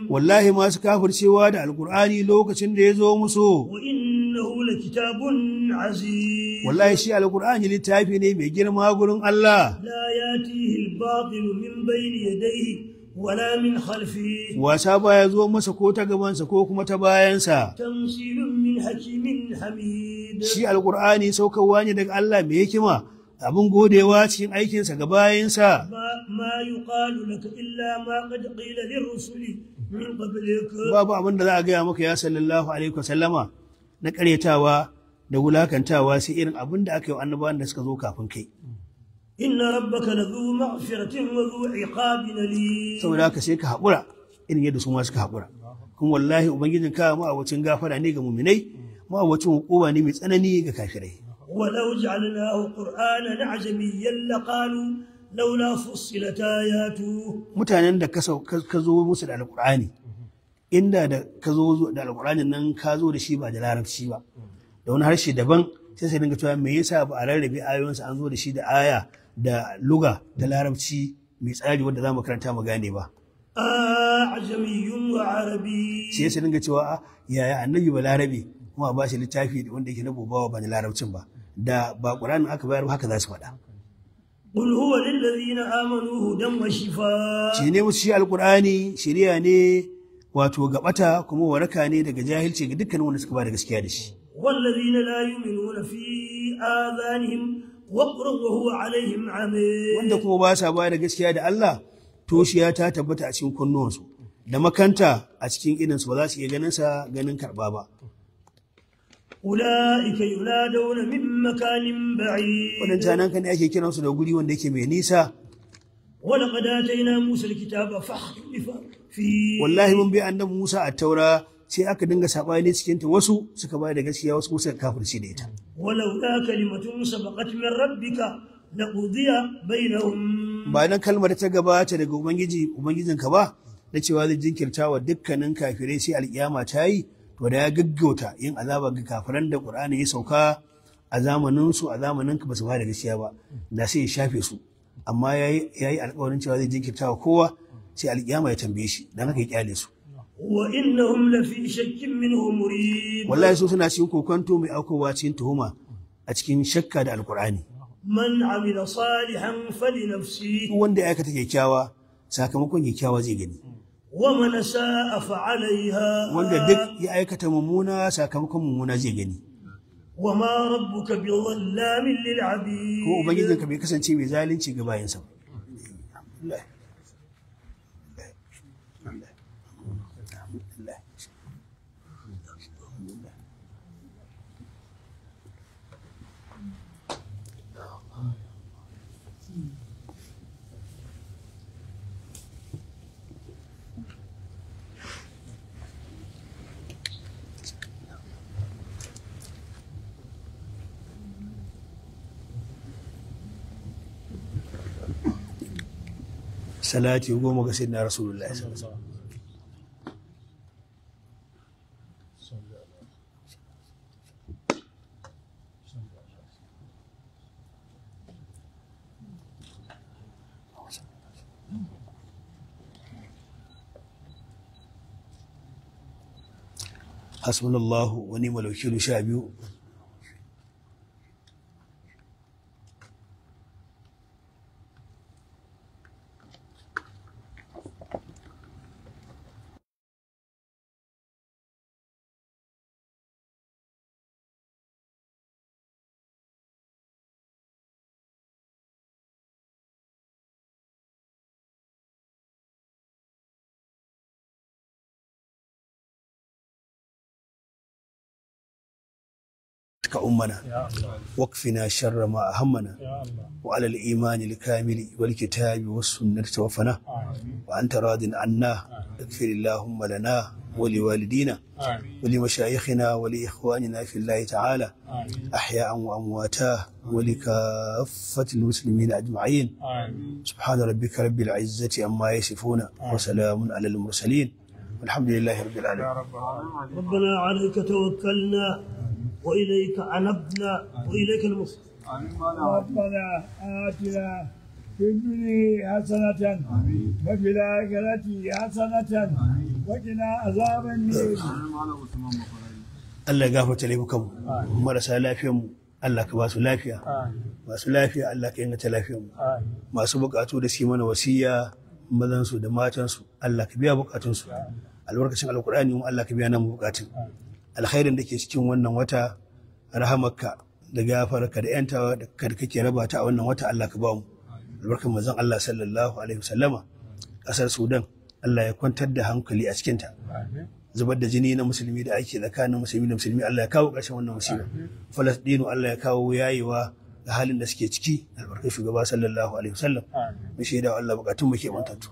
wallahi masu kafircewa da Alƙur'ani lokacin da ya zo musu wa innahu lakitabun aziz wallahi shi Alƙur'ani littafi ne mai girma gurin Allah la yatihi al-batil wala min khalfi wasa baya zo masa ko ta gabansa ko kuma ta bayansa Tamsirin min hakimin hamid shi Alƙur'ani saukarwa ne daga Allah mai hikima abin godewa cikin aikinsa ga bayansa. babu abin da za a gaya maka ya sallallahu alaihi sallama na karyatawa da wulakantawa sai irin abin da aka yi annabawan da suka zo kafin kai inna rabbaka ladhu maghfiratin wa dhu iqabin li saboda aka sai ka haƙura irin yadda su ma suka haƙura kuma wallahi ubangijin ka ma a gafara ne ga muminai ma a ne mai tsanani ga kafirai ولو جعلناه قرآنا عجميا لقالوا laula fussilat ayatu mutanen da ka zo musu da alqur'ani inda da ka zo da alqur'ani nan ka zo da shi ba da larabci ba da wani harshe daban sai sai dinga cewa me yasa ba a rarrabe ayoyinsa an zo da shi da aya da luga da larabci mai tsari wanda za mu karanta mu gane ba ajamiyyun wa arabi sai sai dinga cewa yaya annabi ba larabi kuma ba littafi wanda yake na bobawa ba da larabcin ba da ba ƙur'anin aka bayar ba haka za su faɗa Qul huwa lillazina amanu hudan wa shifa Shi ne wasu shi alqur'ani shiriya ne wato gabata kuma waraka ne daga jahilci ga dukkanin wanda suka ba da gaskiya da shi wallazina la yu'minuna fi adanihim waqrun wa huwa alaihim ame. wanda kuma ba sa ba da gaskiya da Allah ya ta tabbata a cikin kunnuwansu da makanta a cikin idansu ba za su iya ganin sa ganin karɓa ba ulaika yunadawna min makanin ba'id wannan janan kan yake kiran su da guri wanda yake mai nisa wala qad ataina musa alkitaba fahdif fi wallahi mun bi annabi musa at-taura sai aka dinga sabai ne cikin ta wasu suka bai da gaskiya wasu kuma suka kafirci da ita wala la kalimatu musa baqat min rabbika laqudiya bainahum ba nan kalmar ta gaba ta daga ubangiji ka ba na cewa zai jinkirtawa dukkanin kafirai sai alkiyama ta yi to da ya gaggauta yin azaba ga kafiran da Qur'ani ya sauka a zamanin su a zamanin ka ba su ba da gaskiya ba da sai ya shafe su amma yayi yi alƙawarin cewa zai jinkirta wa kowa sai alƙiyama ya tambaye shi dan haka ya kyale su wa innahum la fi shakkin min murid wallahi su suna cikin kokonto mai aukowa cikin tuhuma a cikin shakka da alƙur'ani man amila salihan falinafsi wanda ya aikata kyakkyawa sakamakon kyakkyawa zai gani wa man sa'a fa alaiha wanda duk ya aikata mummuna sakamakon mummuna zai gani wa ma rabbuka bi dhallamin lil abid ko ubangijinka bai kasance mai zalunci ga bayansa Allah صلاتي وقوم سيدنا رسول الله صلى الله عليه وسلم حسبنا الله ونعم الوكيل شعبي أمنا وكفنا شر ما أهمنا وعلى الإيمان الكامل والكتاب والسنة توفنا وأنت راض عنا اغفر اللهم لنا ولوالدينا ولمشايخنا ولإخواننا في الله تعالى أحياء وأمواتا ولكافة المسلمين أجمعين سبحان ربك رب العزة عما يصفون وسلام على المرسلين والحمد لله رب العالمين ربنا عليك توكلنا وإليك أنبنا وإليك المصير ربنا آتنا في الدنيا حسنة وفي الآخرة حسنة وقنا عذاب النار الله يغفر تليبكم مرة سالة فيهم الله كباس الله فيها باس الله فيها الله كينا تلافيهم ما سبق أتود سيمان وسيا مدنسو دماتنسو الله كبيا بقاتنسو الورقة سنقل القرآن يوم الله كبيا نمو بقاتنسو alkhairin da ke cikin wannan wata rahamarka da gafararka da yantawa da kake raba ta a wannan wata Allah ka ba mu albarkar manzon Allah sallallahu alaihi wasallama kasar Sudan Allah ya kwantar da hankali a cikin ta zubar da jini na musulmi da ake tsakanin musulmi da musulmi Allah ya kawo ƙarshen wannan musiba Falastinu Allah ya kawo yayewa da halin da suke ciki albarkar shugaba sallallahu alaihi wasallam mu shaida Allah bukatun mu ke mantattu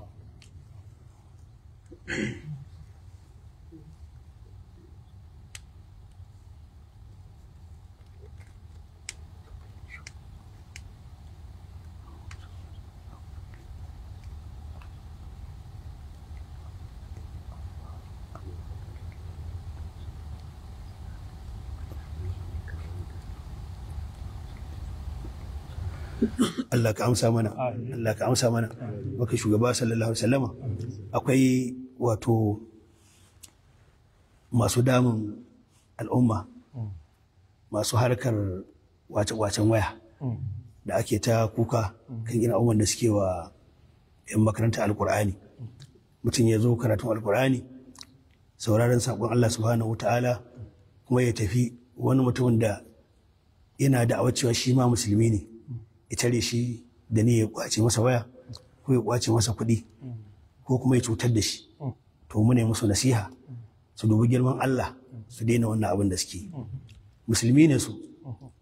Allah ka amsa mana Allah ka amsa mana baka shugaba sallallahu alaihi wasallama akwai wato masu damun al'umma masu harkar wace waya da ake ta kuka kan gina umar da suke wa 'yan makaranta alkur'ani mutum ya zo karatun alkur'ani sauraron saƙon Allah subhanahu ta'ala kuma ya tafi wani mutumin da yana da cewa shi ma musulmi ne ya tare shi da ni ya kwace masa waya ko ya kwace masa kuɗi ko kuma ya cutar da shi to mu ne musu nasiha su dubi girman Allah su daina wannan abin da suke musulmi ne su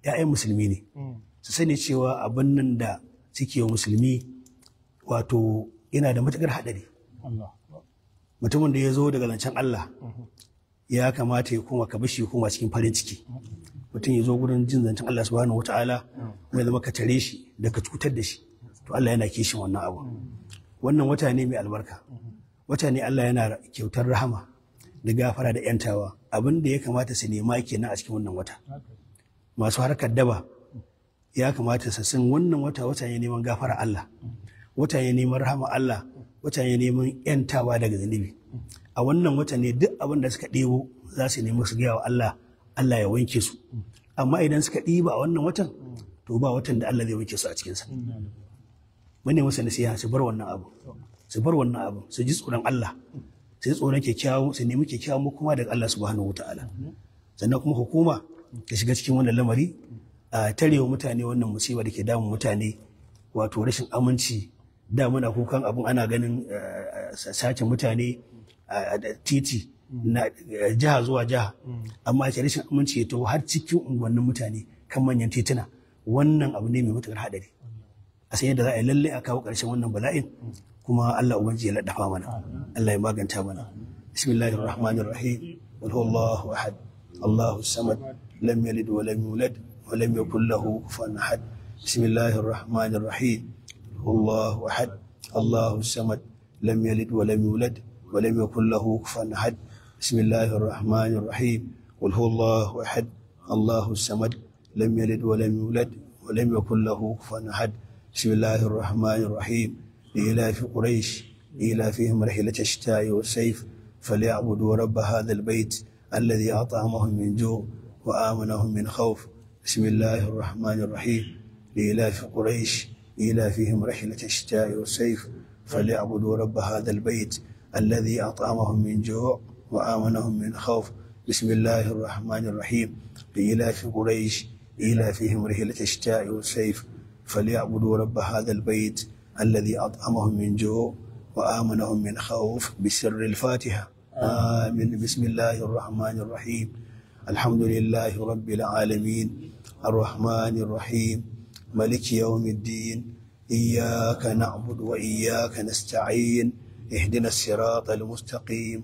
‘ya'yan musulmi ne su sani cewa abin nan da suke wa musulmi wato yana da matukar haɗari mutumin da ya zo daga lancen Allah ya kamata ya koma ka bishi hukuma koma cikin farin ciki mutum ya zo gurin jin zancen Allah subhanahu wataala mai zama ka tare shi da ka cutar da shi to Allah yana kishin wannan abu wannan wata ne mai albarka wata ne Allah yana kyautar rahama da gafara da yantawa abin da ya kamata su nema kenan a cikin wannan wata masu harkar daba ya kamata su san wannan wata wata ne neman gafara Allah wata ne neman rahama Allah wata ne neman yantawa daga zunubi a wannan wata ne duk abin da suka ɗebo za su nemi su gaya wa Allah Allah ya wanke su amma idan suka ɗiba a wannan watan to ba watan da Allah zai wanke su a cikinsa mune musu nasiha su bar wannan abu su bar wannan abu su ji tsoron Allah su ji tsoron kyakkyawo su nemi kyakkyawo kuma daga Allah subhanahu wataala sannan kuma hukuma ta shiga cikin wannan lamari a tarewa mutane wannan musiba da ke damun mutane wato rashin aminci da muna kukan abun ana ganin eh, sace mutane eh, a titi na eh, jiha zuwa jiha mm. amma ce rashin aminci ya taho har cikin unguwannin mutane kan manyan tituna wannan abu ne mai matuƙar haɗari a san yadda za a yi lalle a kawo ƙarshen wannan bala'in kuma Allah ubangiji ya laddafa mana Allah ya maganta mana bismillahir rahmanir rahim qul huwallahu ahad Allahu samad lam yalid wa lam yulad wa lam yakul lahu kufuwan ahad bismillahir rahmanir rahim Allahu ahad Allahu samad lam yalid wa lam yulad wa lam yakul lahu kufuwan بسم الله الرحمن الرحيم قل هو الله أحد الله الصمد لم يلد ولم يولد ولم يكن له كفوا أحد بسم الله الرحمن الرحيم لإلاف قريش لإلافهم رحلة الشتاء والسيف فليعبدوا رب هذا البيت الذي أطعمهم من جوع وآمنهم من خوف بسم الله الرحمن الرحيم لإلاف قريش لإلافهم رحلة الشتاء والسيف فليعبدوا رب هذا البيت الذي أطعمهم من جوع وآمنهم من خوف بسم الله الرحمن الرحيم في قريش إيلافهم رحلة الشتاء والسيف فليعبدوا رب هذا البيت الذي أطعمهم من جوع وآمنهم من خوف بسر الفاتحة آمين بسم الله الرحمن الرحيم الحمد لله رب العالمين الرحمن الرحيم ملك يوم الدين إياك نعبد وإياك نستعين اهدنا الصراط المستقيم